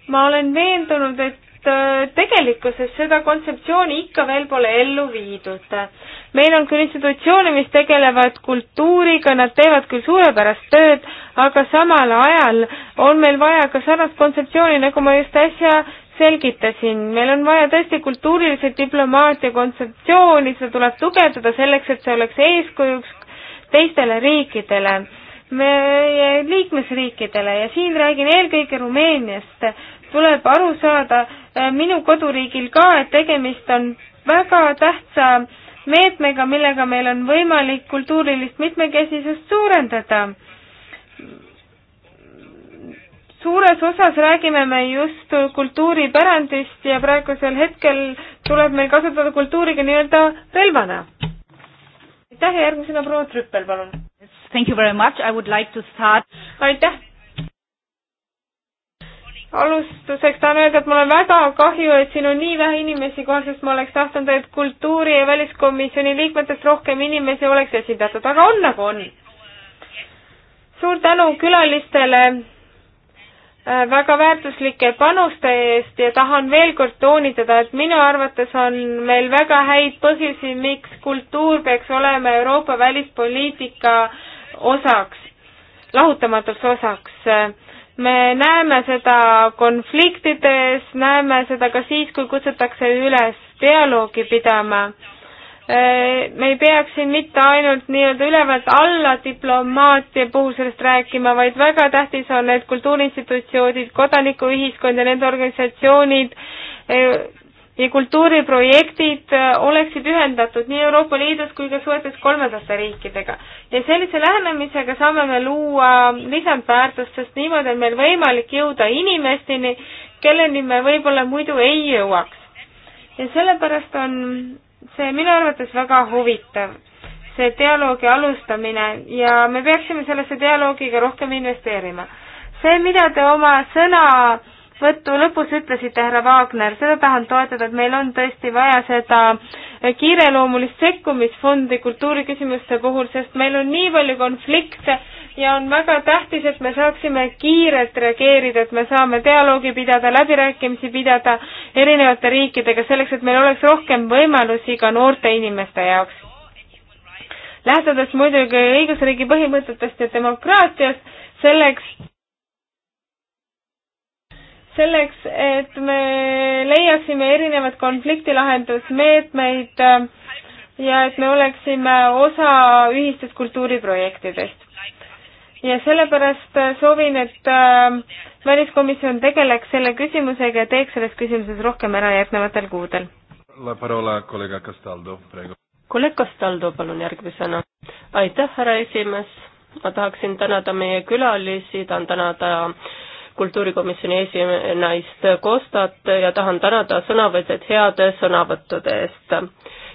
ma olen veendunud, et äh, tegelikkuses seda kontseptsiooni ikka veel pole ellu viidud meil on küll institutsioone, mis tegelevad kultuuriga, nad teevad küll suurepärast tööd, aga samal ajal on meil vaja ka sarnast kontseptsiooni, nagu ma just äsja selgitasin, meil on vaja tõesti kultuurilise diplomaatia kontseptsiooni, seda tuleb tugevdada selleks, et see oleks eeskujuks teistele riikidele, meie liikmesriikidele ja siin räägin eelkõige Rumeeniast. tuleb aru saada eh, minu koduriigil ka, et tegemist on väga tähtsa äh, meetmega, millega meil on võimalik kultuurilist mitmekesisust suurendada. suures osas räägime me just kultuuripärandist ja praegusel hetkel tuleb meil kasutada kultuuriga nii-öelda relvana. aitäh ja järgmisena proua Trüppel, palun! Thank you very much, I would like to start aitäh! alustuseks tahan öelda, et mul on väga kahju, et siin on nii vähe inimesi kohal, sest ma oleks tahtnud, et kultuuri- ja väliskomisjoni liikmetest rohkem inimesi oleks esindatud, aga on nagu on. suur tänu külalistele äh, väga väärtuslike panuste eest ja tahan veel kord toonitada, et minu arvates on meil väga häid põhjusi, miks kultuur peaks olema Euroopa välispoliitika osaks, lahutamatuks osaks me näeme seda konfliktides, näeme seda ka siis, kui kutsutakse üles dialoogi pidama. E, me ei peaks siin mitte ainult nii-öelda ülevalt alla diplomaatia puhul sellest rääkima, vaid väga tähtis on, et kultuuriinstitutsioonid, kodanikuühiskond ja nende organisatsioonid e, ja kultuuriprojektid äh, oleksid ühendatud nii Euroopa Liidus kui ka suhetes kolmandate riikidega. ja sellise lähenemisega saame me luua lisandväärtust, sest niimoodi on meil võimalik jõuda inimesteni, kelleni me võib-olla muidu ei jõuaks. ja sellepärast on see minu arvates väga huvitav, see dialoogi alustamine ja me peaksime sellesse dialoogiga rohkem investeerima. see, mida te oma sõna sõnavõtu lõpus ütlesite, härra Wagner, seda tahan toetada, et meil on tõesti vaja seda kiireloomulist sekkumisfondi kultuuriküsimuste puhul, sest meil on nii palju konflikte ja on väga tähtis, et me saaksime kiirelt reageerida, et me saame dialoogi pidada, läbirääkimisi pidada erinevate riikidega, selleks et meil oleks rohkem võimalusi ka noorte inimeste jaoks. lähtudes muidugi õigusriigi põhimõtetest ja demokraatiast, selleks selleks, et me leiaksime erinevaid konfliktilahendusmeetmeid äh, ja et me oleksime osa ühistest kultuuriprojektidest. ja sellepärast äh, soovin, et äh, väliskomisjon tegeleks selle küsimusega ja teeks selles küsimuses rohkem ära järgnevatel kuudel. kolleeg Castaldo, palun järgmisena. aitäh, härra esimees. ma tahaksin tänada meie külalisi, tahan tänada äh, kultuurikomisjoni esinaist Kostat ja tahan tänada sõnavõtjaid heade sõnavõttude eest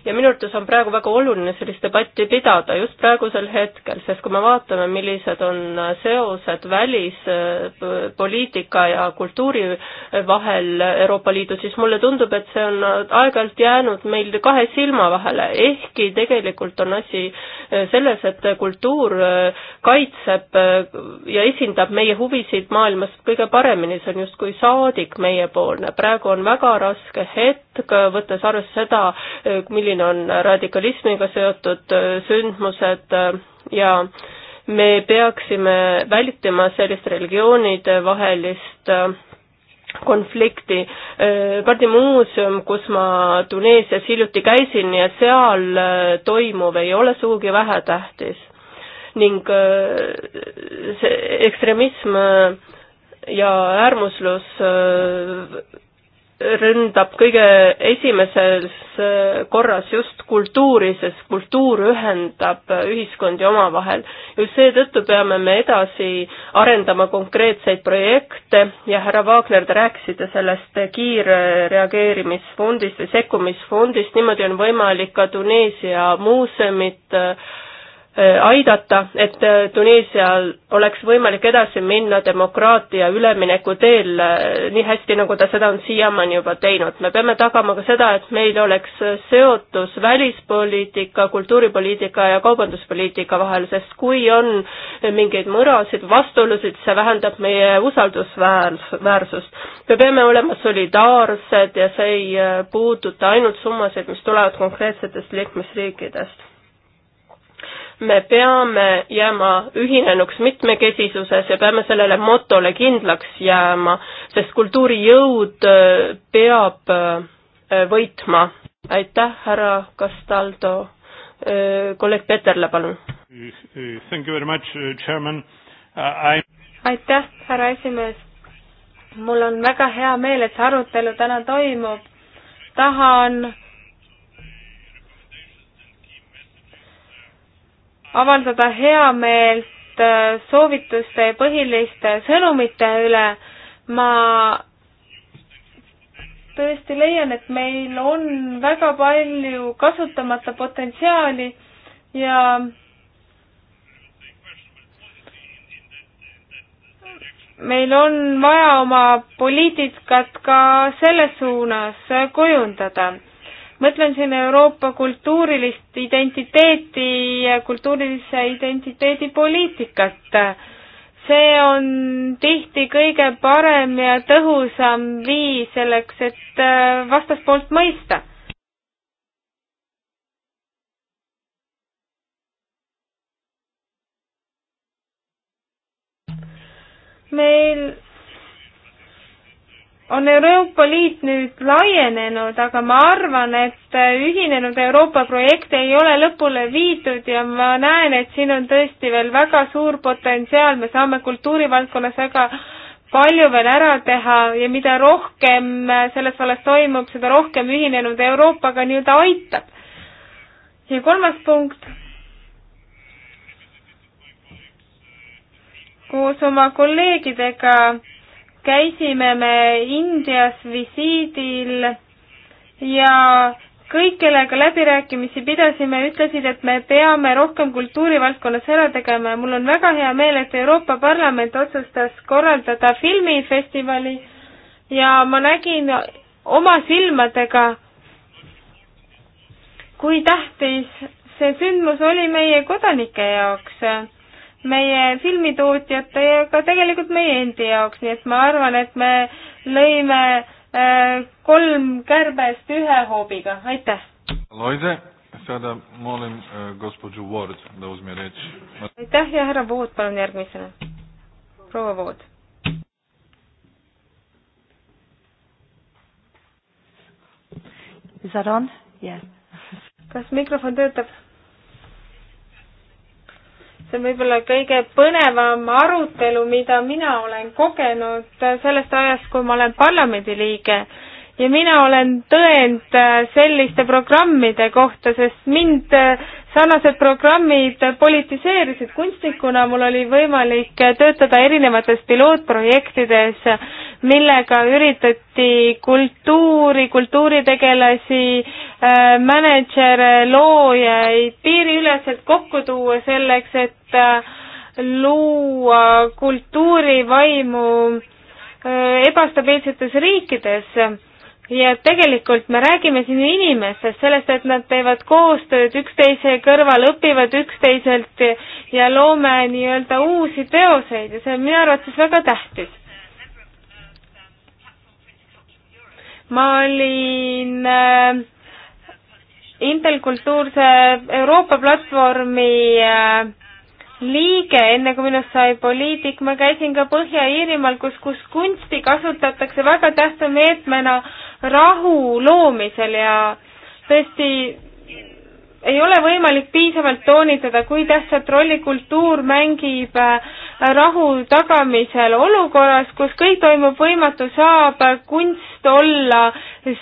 ja minu arvates on praegu väga oluline sellist debatti pidada just praegusel hetkel, sest kui me vaatame, millised on seosed välispoliitika ja kultuuri vahel Euroopa Liidus, siis mulle tundub, et see on aeg-ajalt jäänud meil kahe silma vahele, ehkki tegelikult on asi selles, et kultuur kaitseb ja esindab meie huvisid maailmas kõige paremini, see on justkui saadik meiepoolne, praegu on väga raske hetk, hetk, võttes arvesse seda, milline on radikalismiga seotud äh, sündmused äh, ja me peaksime vältima sellist religioonide vahelist äh, konflikti. Pardi muuseum, kus ma Tuneesias hiljuti käisin ja seal toimuv ei ole sugugi vähetähtis ning see ekstremism ja äärmuslus ründab kõige esimeses äh, korras just kultuuri, sest kultuur ühendab äh, ühiskondi omavahel. just seetõttu peame me edasi arendama konkreetseid projekte ja härra Vaagner, te rääkisite sellest äh, kiirreageerimisfondist või sekkumisfondist, niimoodi on võimalik ka Tuneesia muuseumit Äh, aidata, et äh, Tuneesial oleks võimalik edasi minna demokraatia ülemineku teel äh, nii hästi, nagu ta seda on siiamaani juba teinud. me peame tagama ka seda, et meil oleks seotus välispoliitika, kultuuripoliitika ja kaubanduspoliitika vahel, sest kui on mingeid mõrasid, vastuolusid, see vähendab meie usaldusväärsust. me peame olema solidaarsed ja see ei puuduta ainult summasid, mis tulevad konkreetsetest liikmesriikidest me peame jääma ühinenuks mitmekesisuses ja peame sellele motole kindlaks jääma, sest kultuurijõud äh, peab äh, võitma. aitäh, härra Castaldo. Äh, kolleeg Peterle, palun. Uh, uh, aitäh, härra esimees. mul on väga hea meel, et see arutelu täna toimub. tahan avaldada heameelt äh, soovituste põhiliste sõnumite üle. ma tõesti leian, et meil on väga palju kasutamata potentsiaali ja meil on vaja oma poliitikat ka selles suunas kujundada mõtlen siin Euroopa kultuurilist identiteeti ja kultuurilise identiteedi poliitikat. see on tihti kõige parem ja tõhusam viis selleks, et äh, vastaspoolt mõista. meil on Euroopa Liit nüüd laienenud, aga ma arvan, et ühinenud Euroopa projekt ei ole lõpule viidud ja ma näen, et siin on tõesti veel väga suur potentsiaal, me saame kultuurivaldkonnas väga palju veel ära teha ja mida rohkem selles vallas toimub, seda rohkem ühinenud Euroopaga nii-öelda aitab. ja kolmas punkt. koos oma kolleegidega käisime me Indias visiidil ja kõik, kellega läbirääkimisi pidasime, ütlesid, et me peame rohkem kultuurivaldkonnas ära tegema ja mul on väga hea meel, et Euroopa Parlament otsustas korraldada filmifestivali ja ma nägin oma silmadega, kui tähtis see sündmus oli meie kodanike jaoks meie filmitootjate ja ka tegelikult meie endi jaoks, nii et ma arvan, et me lõime äh, kolm kärbest ühe hoobiga, aitäh! Loise, sada ma olen äh, gospodžu Ward, nõus meie reetš. aitäh ja härra Vood, palun järgmisena. proua Vood. Is that on? Yeah. kas mikrofon töötab? see on võib-olla kõige põnevam arutelu, mida mina olen kogenud sellest ajast, kui ma olen parlamendiliige. ja mina olen tõend selliste programmide kohta, sest mind äh, sarnased programmid politiseerisid kunstnikuna, mul oli võimalik töötada erinevates pilootprojektides, millega üritati kultuuri, kultuuritegelasi, äh, mänedžere, loojaid piiriüleselt kokku tuua selleks, et äh, luua kultuurivaimu äh, ebastabiilsetes riikides ja tegelikult me räägime siin inimestest, sellest, et nad teevad koostööd üksteise kõrval, õpivad üksteiselt ja loome nii-öelda uusi teoseid ja see on minu arvates väga tähtis. ma olin äh, Intelkultuurse Euroopa platvormi äh, liige, enne kui minust sai poliitik, ma käisin ka Põhja-Iirimaal, kus, kus kunsti kasutatakse väga tähtsa meetmena äh, rahu loomisel ja tõesti ei ole võimalik piisavalt toonitada, kui tähtsat rolli kultuur mängib äh, rahu tagamisel olukorras, kus kõik toimub võimatu, saab kunst olla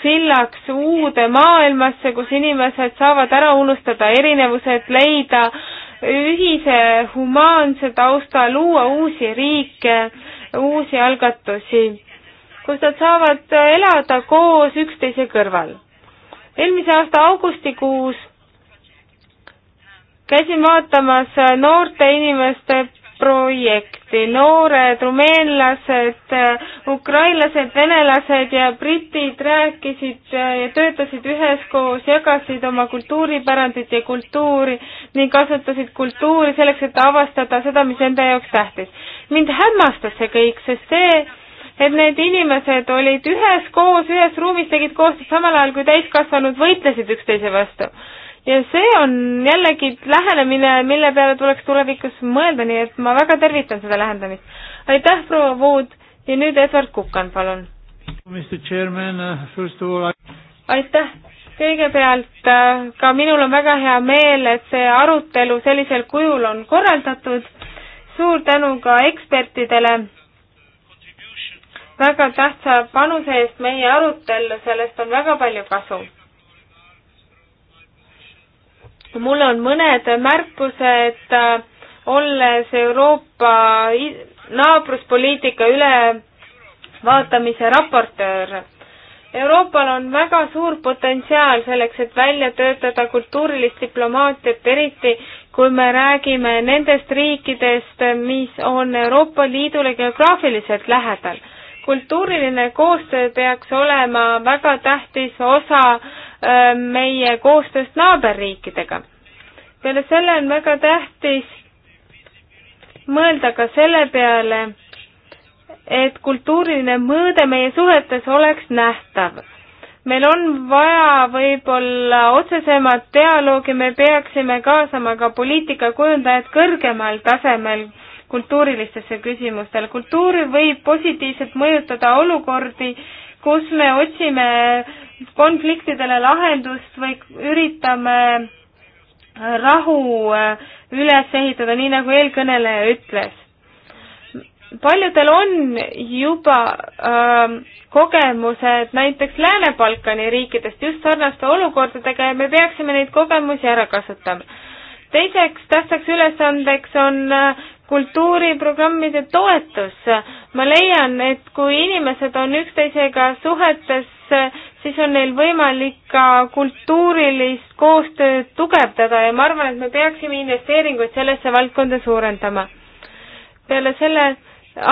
sillaks uude maailmasse, kus inimesed saavad ära unustada erinevused, leida ühise humaanse tausta, luua uusi riike, uusi algatusi kus nad saavad äh, elada koos üksteise kõrval. eelmise aasta augustikuus käisin vaatamas äh, noorte inimeste projekti, noored rumeenlased, äh, ukrainlased, venelased ja britid rääkisid ja töötasid üheskoos, jagasid oma kultuuripärandit ja kultuuri ning kasutasid kultuuri selleks, et avastada seda, mis nende jaoks tähtis. mind hämmastas see kõik, sest see et need inimesed olid üheskoos, ühes ruumis, tegid koostööd samal ajal kui täiskasvanud võitlesid üksteise vastu. ja see on jällegi lähenemine, mille peale tuleks tulevikus mõelda, nii et ma väga tervitan seda lähenemist. aitäh, proua Wood ja nüüd Edward Kukan, palun. Uh, aitäh, kõigepealt uh, ka minul on väga hea meel, et see arutelu sellisel kujul on korraldatud. suur tänu ka ekspertidele väga tähtsa panuse eest meie arutellu, sellest on väga palju kasu. mul on mõned märkused, äh, olles Euroopa naabruspoliitika ülevaatamise raportöör. Euroopal on väga suur potentsiaal selleks, et välja töötada kultuurilist diplomaatiat, eriti kui me räägime nendest riikidest, mis on Euroopa Liidule geograafiliselt lähedal kultuuriline koostöö peaks olema väga tähtis osa meie koostööst naaberriikidega. peale selle on väga tähtis mõelda ka selle peale, et kultuuriline mõõde meie suhetes oleks nähtav. meil on vaja võib-olla otsesemat dialoogi, me peaksime kaasama ka poliitikakujundajad kõrgemal tasemel kultuurilistesse küsimustele. kultuur võib positiivselt mõjutada olukordi, kus me otsime konfliktidele lahendust või üritame rahu äh, üles ehitada, nii nagu eelkõneleja ütles paljudel on juba äh, kogemused näiteks Lääne-Balkani riikidest just sarnaste olukordadega ja me peaksime neid kogemusi ära kasutama. teiseks tähtsaks ülesandeks on äh, kultuuriprogrammide toetus. ma leian, et kui inimesed on üksteisega suhetes, siis on neil võimalik ka kultuurilist koostööd tugevdada ja ma arvan, et me peaksime investeeringuid sellesse valdkonda suurendama. peale selle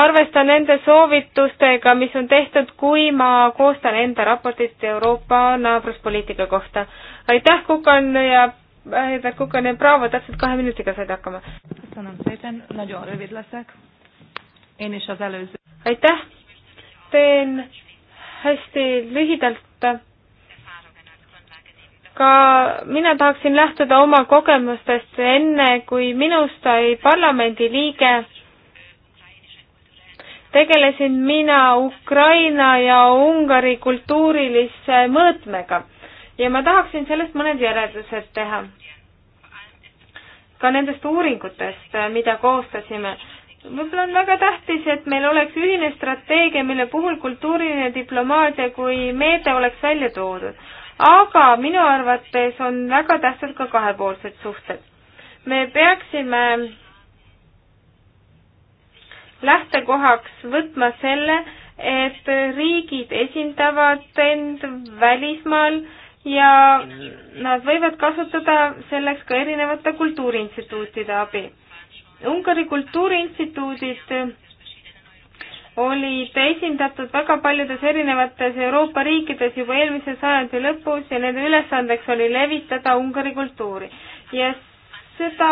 arvestan nende soovitustega, mis on tehtud, kui ma koostan enda raportit Euroopa naabruspoliitika kohta. aitäh, Kukan ja Heiberg Kukanen, Bravo, täpselt kahe minutiga said hakkama. aitäh, teen hästi lühidalt. ka mina tahaksin lähtuda oma kogemustest, enne kui minust sai parlamendiliige, tegelesin mina Ukraina ja Ungari kultuurilise mõõtmega ja ma tahaksin sellest mõned järeldused teha. ka nendest uuringutest, äh, mida koostasime. võib-olla on väga tähtis, et meil oleks ühine strateegia, mille puhul kultuuriline diplomaatia kui meede oleks välja toodud. aga minu arvates on väga tähtsad ka kahepoolsed suhted. me peaksime lähtekohaks võtma selle, et riigid esindavad end välismaal äh, ja nad võivad kasutada selleks ka erinevate kultuuriinstituutide abi. Ungari kultuuriinstituudid olid esindatud väga paljudes erinevates Euroopa riikides juba eelmise sajandi lõpus ja nende ülesandeks oli levitada Ungari kultuuri. ja seda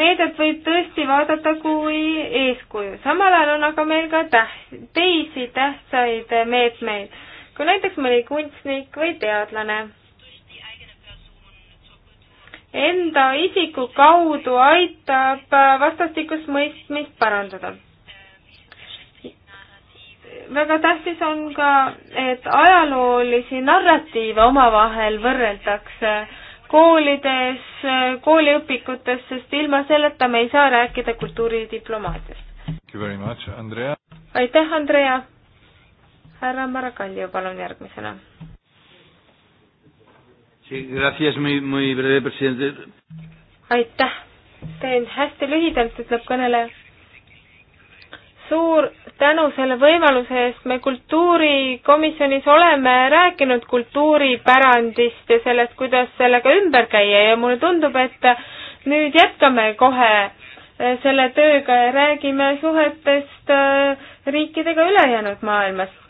meedet võib tõesti vaadata kui eeskuju. samal ajal on aga meil ka täht-, teisi tähtsaid meetmeid kui näiteks mõni kunstnik või teadlane enda isiku kaudu aitab vastastikust mõistmist parandada. väga tähtis on ka, et ajaloolisi narratiive omavahel võrreldakse koolides, kooliõpikutes, sest ilma selleta me ei saa rääkida kultuuridiplomaatiast. aitäh, Andrea! härra Marakalju, palun järgmisena. aitäh, teen hästi lühidalt, ütleb kõneleja. suur tänu selle võimaluse eest, me kultuurikomisjonis oleme rääkinud kultuuripärandist ja sellest, kuidas sellega ümber käia ja mulle tundub, et nüüd jätkame kohe eh, selle tööga ja räägime suhetest eh, riikidega ülejäänud maailmas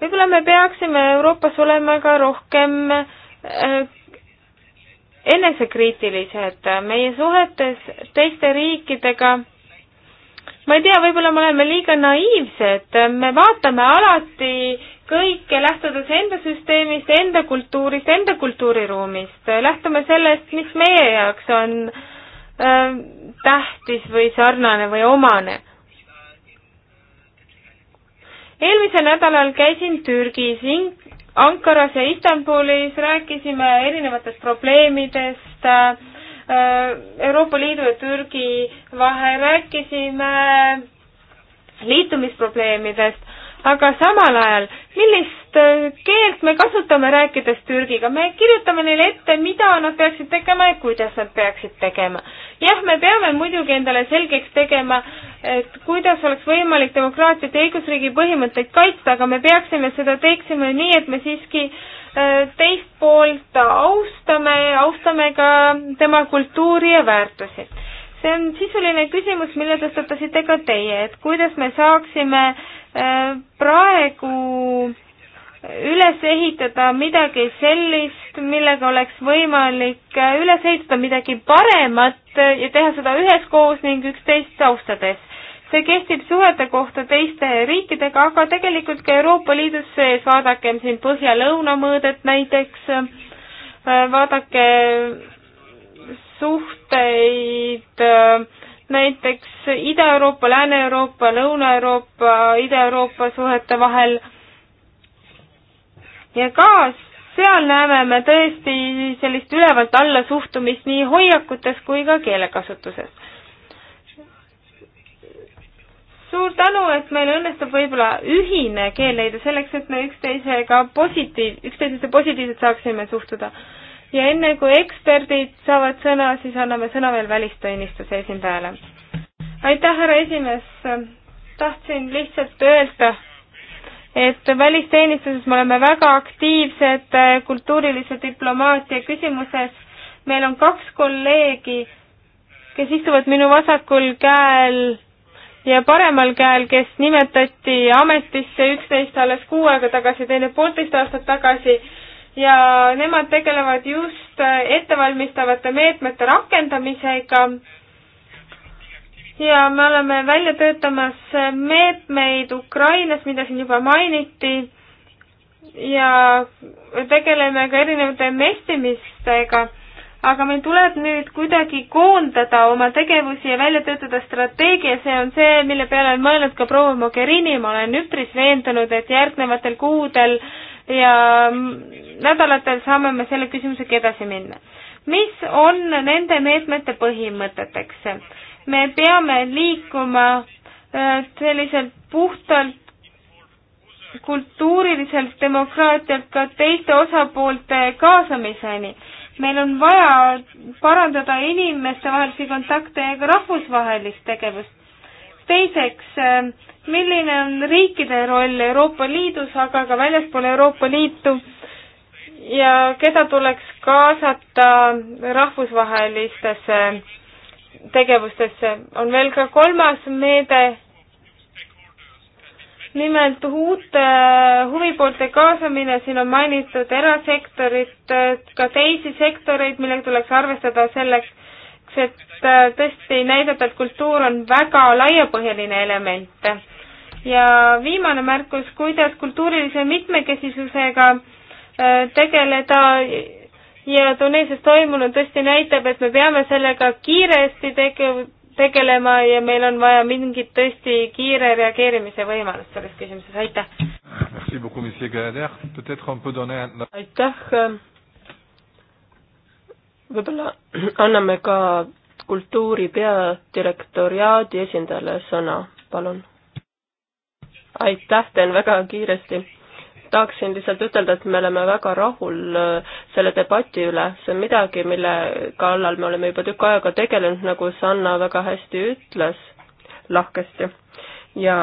võib-olla me peaksime Euroopas olema ka rohkem äh, enesekriitilised meie suhetes teiste riikidega. ma ei tea, võib-olla me oleme liiga naiivsed, me vaatame alati kõike lähtudes enda süsteemist, enda kultuurist, enda kultuuriruumist, lähtume sellest, mis meie jaoks on äh, tähtis või sarnane või omane eelmisel nädalal käisin Türgis, Ankaras ja Istanbulis, rääkisime erinevatest probleemidest äh, Euroopa Liidu ja Türgi vahel, rääkisime liitumisprobleemidest, aga samal ajal, millist äh, keelt me kasutame, rääkides Türgiga, me kirjutame neile ette, mida nad peaksid tegema ja kuidas nad peaksid tegema jah, me peame muidugi endale selgeks tegema, et kuidas oleks võimalik demokraatiat ja õigusriigi põhimõtteid kaitsta, aga me peaksime seda teeksime nii, et me siiski äh, teist poolt austame, austame ka tema kultuuri ja väärtusi. see on sisuline küsimus, mille tõstatasite ka teie, et kuidas me saaksime äh, praegu üles ehitada midagi sellist, millega oleks võimalik äh, üles ehitada midagi paremat ja teha seda üheskoos ning üksteist austades. see kehtib suhete kohta teiste riikidega, aga tegelikult ka Euroopa Liidus sees, vaadakem siin põhja-lõuna mõõdet näiteks, äh, vaadake suhteid äh, näiteks Ida-Euroopa, Lääne-Euroopa, Lõuna-Euroopa, Ida-Euroopa suhete vahel ja ka seal näeme me tõesti sellist ülevalt alla suhtumist nii hoiakutes kui ka keelekasutuses. suur tänu, et meil õnnestub võib-olla ühine keel leida selleks, et me üksteisega positiiv, üksteisesse positiivselt saaksime suhtuda. ja enne kui eksperdid saavad sõna, siis anname sõna veel välisteenistuse esindajale. aitäh, härra esimees, tahtsin lihtsalt öelda et välisteenistuses me oleme väga aktiivsed äh, kultuurilise diplomaatia küsimuses. meil on kaks kolleegi, kes istuvad minu vasakul käel ja paremal käel, kes nimetati ametisse, üks neist alles kuu aega tagasi, teine poolteist aastat tagasi ja nemad tegelevad just äh, ettevalmistavate meetmete rakendamisega ja me oleme välja töötamas meetmeid Ukrainas, mida siin juba mainiti ja tegeleme ka erinevate messimistega, aga meil tuleb nüüd kuidagi koondada oma tegevusi ja välja töötada strateegia, see on see, mille peale on mõelnud ka proua Mogherini, ma olen üpris veendunud, et järgnevatel kuudel ja nädalatel saame me selle küsimusega edasi minna. mis on nende meetmete põhimõteteks? me peame liikuma äh, selliselt puhtalt kultuuriliselt demokraatialt ka teiste osapoolte kaasamiseni. meil on vaja parandada inimestevahelisi kontakte ja ka rahvusvahelist tegevust. teiseks, äh, milline on riikide roll Euroopa Liidus, aga ka väljaspool Euroopa Liitu ja keda tuleks kaasata rahvusvahelistesse tegevustesse. on veel ka kolmas meede, nimelt uute äh, huvipoolte kaasamine, siin on mainitud erasektorit, äh, ka teisi sektoreid, millega tuleks arvestada selleks, et äh, tõesti näidata, et kultuur on väga laiapõhjaline element. ja viimane märkus, kuidas kultuurilise mitmekesisusega tegeleda ja Tuneesias toimunud tõesti näitab, et me peame sellega kiiresti tege-, tegelema ja meil on vaja mingit tõesti kiire reageerimise võimalust selles küsimuses, aitäh! aitäh! võib-olla anname ka kultuuri peadirektoriaadi esindajale sõna, palun. aitäh, teen väga kiiresti tahaksin lihtsalt ütelda, et me oleme väga rahul äh, selle debati üle, see on midagi, mille kallal me oleme juba tükk aega tegelenud, nagu Sanna väga hästi ütles lahkesti. ja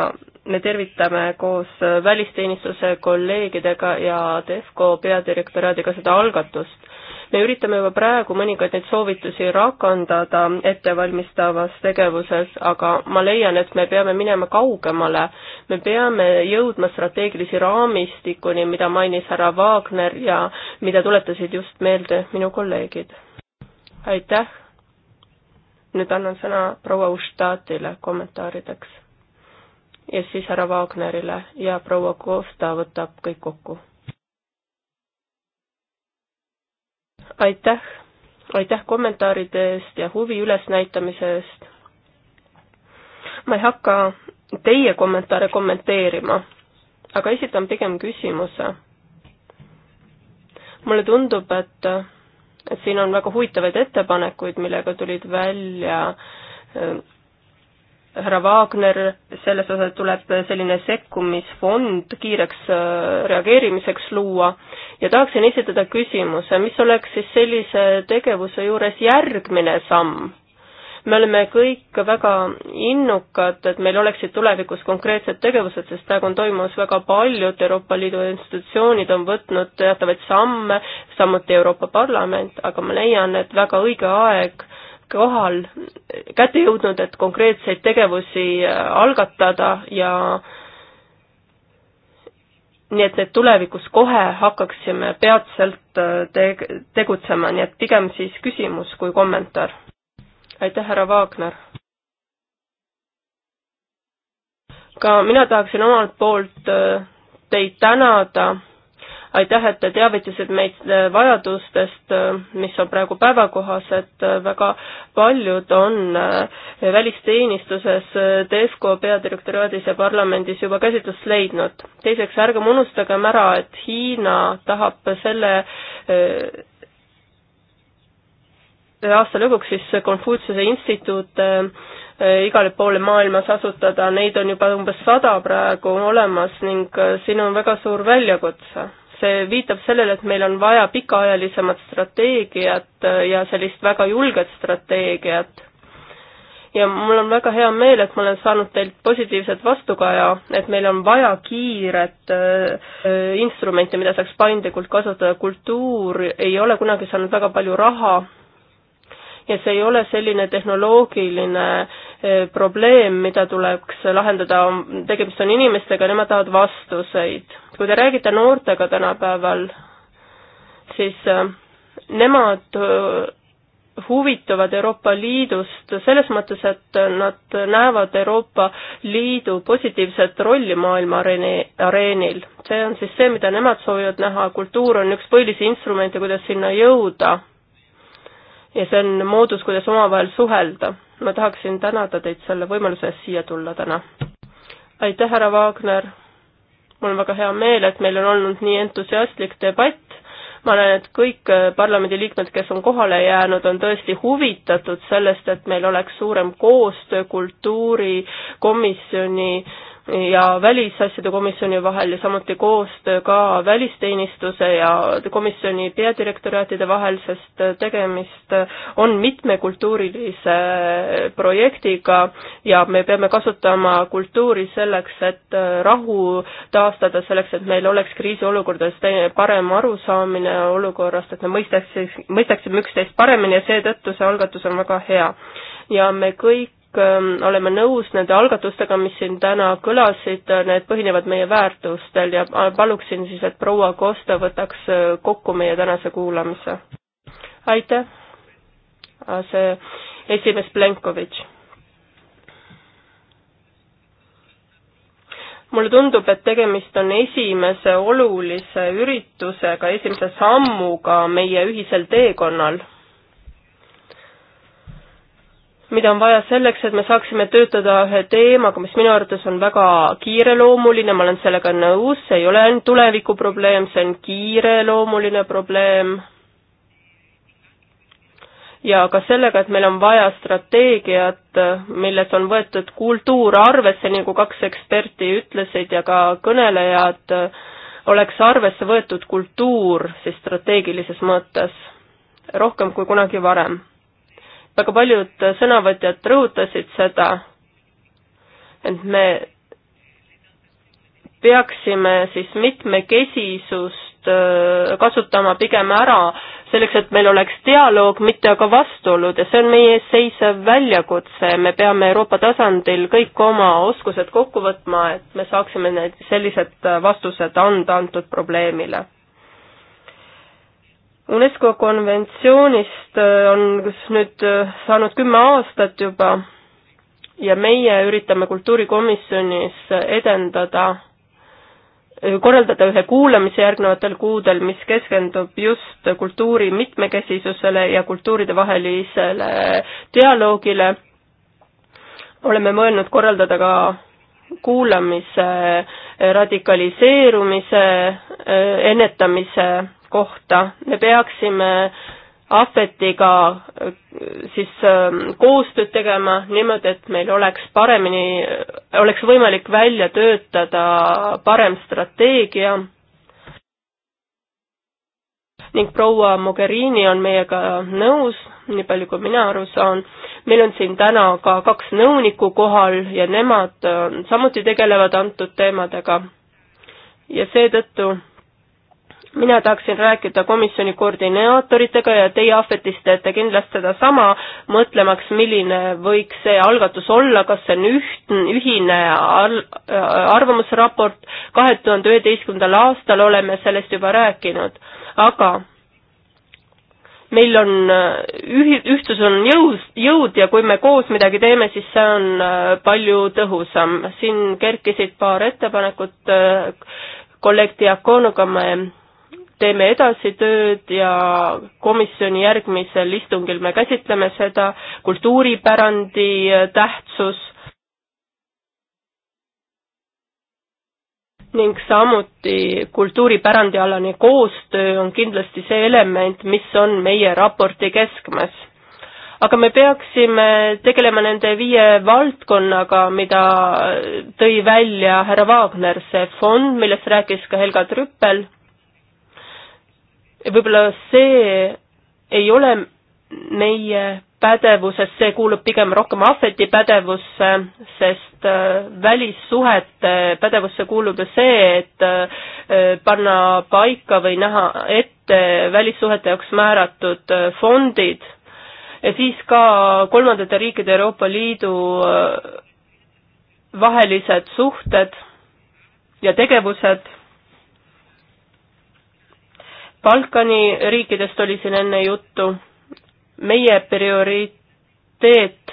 me tervitame koos äh, välisteenistuse kolleegidega ja Defco peadirektoraadiga seda algatust me üritame juba praegu mõningaid neid soovitusi rakendada ettevalmistavas tegevuses, aga ma leian, et me peame minema kaugemale. me peame jõudma strateegilisi raamistikuni, mida mainis härra Wagner ja mida tuletasid just meelde minu kolleegid. aitäh! nüüd annan sõna proua Ustaatile kommentaarideks ja siis härra Wagnerile ja proua Kosta võtab kõik kokku aitäh, aitäh kommentaaride eest ja huvi ülesnäitamise eest. ma ei hakka teie kommentaare kommenteerima, aga esitan pigem küsimuse. mulle tundub, et, et siin on väga huvitavaid ettepanekuid, millega tulid välja äh, härra Wagner, selles osas tuleb selline sekkumisfond kiireks äh, reageerimiseks luua ja tahaksin esitada küsimuse, mis oleks siis sellise tegevuse juures järgmine samm? me oleme kõik väga innukad, et meil oleksid tulevikus konkreetsed tegevused, sest praegu on toimumas väga palju, et Euroopa Liidu institutsioonid on võtnud teatavaid samme, samuti Euroopa Parlament, aga ma leian, et väga õige aeg kohal kätte jõudnud, et konkreetseid tegevusi algatada ja äh, nii et, et tulevikus kohe hakkaksime peatselt äh, te-, tegutsema, nii et pigem siis küsimus kui kommentaar. aitäh, härra Vaagner! ka mina tahaksin omalt poolt äh, teid tänada aitäh, et te teavitasite meid äh, vajadustest, äh, mis on praegu päevakohased, äh, väga paljud on välisteenistuses, TESCO peadirektoraadis ja parlamendis juba käsitlust leidnud. teiseks, ärgem unustagem ära, et Hiina tahab selle aasta lõpuks siis Konfutsiuse instituut igale poole maailmas asutada, neid on juba umbes sada praegu olemas ning siin on väga suur väljakutse see viitab sellele, et meil on vaja pikaajalisemat strateegiat äh, ja sellist väga julget strateegiat. ja mul on väga hea meel, et ma olen saanud teilt positiivset vastukaja, et meil on vaja kiiret äh, instrumenti, mida saaks paindlikult kasutada, kultuur ei ole kunagi saanud väga palju raha ja see ei ole selline tehnoloogiline eh, probleem, mida tuleks lahendada, tegemist on inimestega, nemad tahavad vastuseid. kui te räägite noortega tänapäeval, siis eh, nemad eh, huvituvad Euroopa Liidust selles mõttes, et nad näevad Euroopa Liidu positiivset rolli maailma areeni, areenil. see on siis see, mida nemad soovivad näha, kultuur on üks põhilisi instrumente, kuidas sinna jõuda ja see on moodus, kuidas omavahel suhelda. ma tahaksin tänada teid selle võimaluse eest siia tulla täna. aitäh, härra Wagner! mul on väga hea meel, et meil on olnud nii entusiastlik debatt, ma näen, et kõik äh, parlamendiliikmed, kes on kohale jäänud, on tõesti huvitatud sellest, et meil oleks suurem koostöö kultuurikomisjoni ja välisasjade komisjoni vahel ja samuti koostöö ka välisteenistuse ja komisjoni peadirektoraatide vahel, sest tegemist on mitmekultuurilise projektiga ja me peame kasutama kultuuri selleks, et rahu taastada, selleks, et meil oleks kriisiolukordades parem arusaamine olukorrast, et me mõistaks, mõistaksime üksteist paremini ja seetõttu see algatus on väga hea. ja me kõik Ähm, oleme nõus nende algatustega, mis siin täna kõlasid, äh, need põhinevad meie väärtustel ja äh, paluksin siis, et proua Kosta võtaks äh, kokku meie tänase kuulamise. aitäh, see esimees Plenkovitš. mulle tundub, et tegemist on esimese olulise üritusega, esimese sammuga meie ühisel teekonnal mida on vaja selleks, et me saaksime töötada ühe teemaga, mis minu arvates on väga kiireloomuline, ma olen sellega nõus, see ei ole ainult tuleviku probleem, see on kiireloomuline probleem. ja ka sellega, et meil on vaja strateegiat, milles on võetud kultuur arvesse, nagu kaks eksperti ütlesid ja ka kõnelejad, oleks arvesse võetud kultuur siis strateegilises mõttes rohkem kui kunagi varem väga paljud sõnavõtjad rõhutasid seda, et me peaksime siis mitmekesisust äh, kasutama pigem ära selleks, et meil oleks dialoog, mitte aga vastuolud ja see on meie ees seisev väljakutse, me peame Euroopa tasandil kõik oma oskused kokku võtma, et me saaksime need, sellised äh, vastused anda antud probleemile. UNESCO konventsioonist äh, on nüüd äh, saanud kümme aastat juba ja meie üritame kultuurikomisjonis edendada, äh, korraldada ühe kuulamise järgnevatel kuudel, mis keskendub just kultuuri mitmekesisusele ja kultuuridevahelisele dialoogile. oleme mõelnud korraldada ka kuulamise radikaliseerumise ennetamise kohta, me peaksime Ahvetiga äh, siis ähm, koostööd tegema niimoodi, et meil oleks paremini, oleks võimalik välja töötada parem strateegia ning proua Mogherini on meiega nõus, nii palju kui mina aru saan. meil on siin täna ka kaks nõunikku kohal ja nemad äh, samuti tegelevad antud teemadega. ja seetõttu mina tahaksin rääkida komisjoni koordinaatoritega ja teie ahvetist teete kindlasti sedasama, mõtlemaks, milline võiks see algatus olla, kas see on üht-, ühine al-, arvamusraport, kahe tuhande üheteistkümnendal aastal oleme sellest juba rääkinud, aga meil on ühi-, ühtsus on jõus, jõud ja kui me koos midagi teeme, siis see on äh, palju tõhusam. siin kerkisid paar ettepanekut, äh, kolleeg Diakonuga me teeme edasi tööd ja komisjoni järgmisel istungil me käsitleme seda, kultuuripärandi tähtsus ning samuti kultuuripärandialane koostöö on kindlasti see element, mis on meie raporti keskmes aga me peaksime tegelema nende viie valdkonnaga, mida tõi välja härra Wagner, see fond, millest rääkis ka Helga Trüppel, võib-olla see ei ole meie pädevuses, see kuulub pigem rohkem ahveti pädevusse, sest äh, välissuhete pädevusse kuulub ju see, et äh, panna paika või näha ette välissuhete jaoks määratud äh, fondid ja siis ka kolmandate riikide Euroopa Liidu vahelised suhted ja tegevused Balkani riikidest oli siin enne juttu. meie prioriteet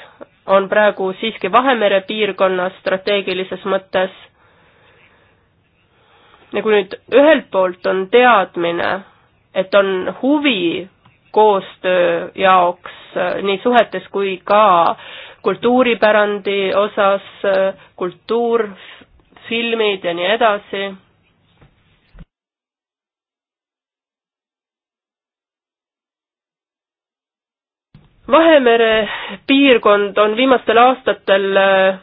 on praegu siiski Vahemere piirkonna strateegilises mõttes. ja kui nüüd ühelt poolt on teadmine, et on huvi koostöö jaoks äh, nii suhetes kui ka kultuuripärandi osas, äh, kultuur, filmid ja nii edasi Vahemere piirkond on viimastel aastatel äh,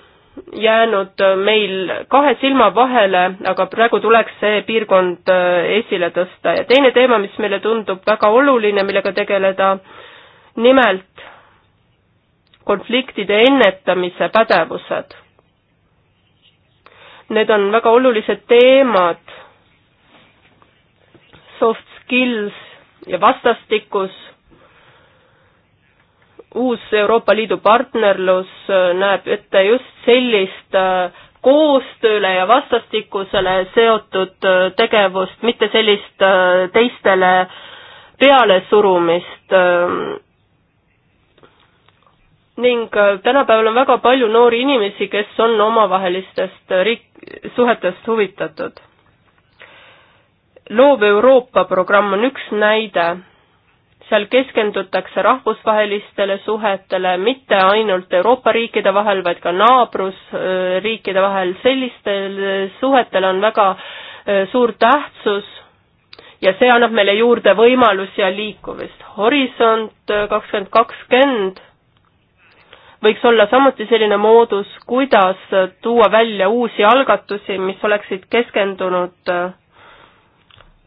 jäänud äh, meil kahe silma vahele, aga praegu tuleks see piirkond äh, esile tõsta ja teine teema, mis meile tundub väga oluline, millega tegeleda, nimelt konfliktide ennetamise pädevused. Need on väga olulised teemad, soft skills ja vastastikus uus Euroopa Liidu partnerlus äh, näeb ette just sellist äh, koostööle ja vastastikusele seotud äh, tegevust, mitte sellist teistele pealesurumist. Ähm. ning tänapäeval on väga palju noori inimesi, kes on omavahelistest riik-, suhetest huvitatud. loov Euroopa programm on üks näide seal keskendutakse rahvusvahelistele suhetele, mitte ainult Euroopa riikide vahel, vaid ka naabrusriikide vahel, sellistel suhetel on väga e, suur tähtsus ja see annab meile juurde võimalusi ja liikumist. Horisont kakskümmend kakskümmend võiks olla samuti selline moodus, kuidas tuua välja uusi algatusi, mis oleksid keskendunud e,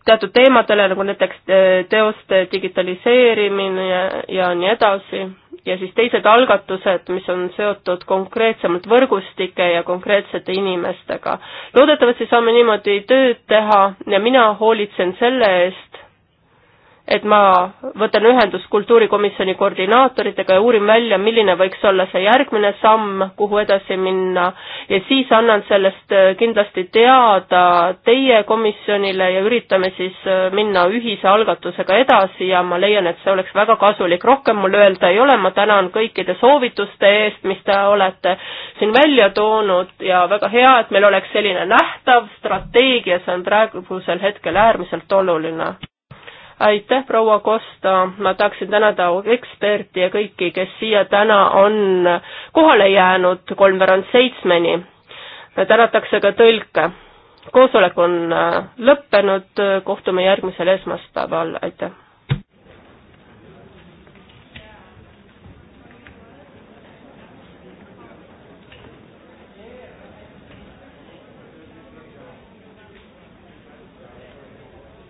teatud teemadele, nagu näiteks äh, teoste digitaliseerimine ja, ja nii edasi, ja siis teised algatused, mis on seotud konkreetsemalt võrgustike ja konkreetsete inimestega. loodetavasti saame niimoodi tööd teha ja mina hoolitsen selle eest, et ma võtan ühendust kultuurikomisjoni koordinaatoritega ja uurin välja, milline võiks olla see järgmine samm, kuhu edasi minna ja siis annan sellest äh, kindlasti teada teie komisjonile ja üritame siis äh, minna ühise algatusega edasi ja ma leian, et see oleks väga kasulik. rohkem mul öelda ei ole, ma tänan kõikide soovituste eest, mis te olete siin välja toonud ja väga hea, et meil oleks selline nähtav strateegia, see on praegusel hetkel äärmiselt oluline aitäh, proua Kosta, ma tahaksin tänada eksperti ja kõiki, kes siia täna on kohale jäänud kolmveerand seitsmeni. tänatakse ka tõlke. koosolek on äh, lõppenud, kohtume järgmisel esmaspäeval, aitäh!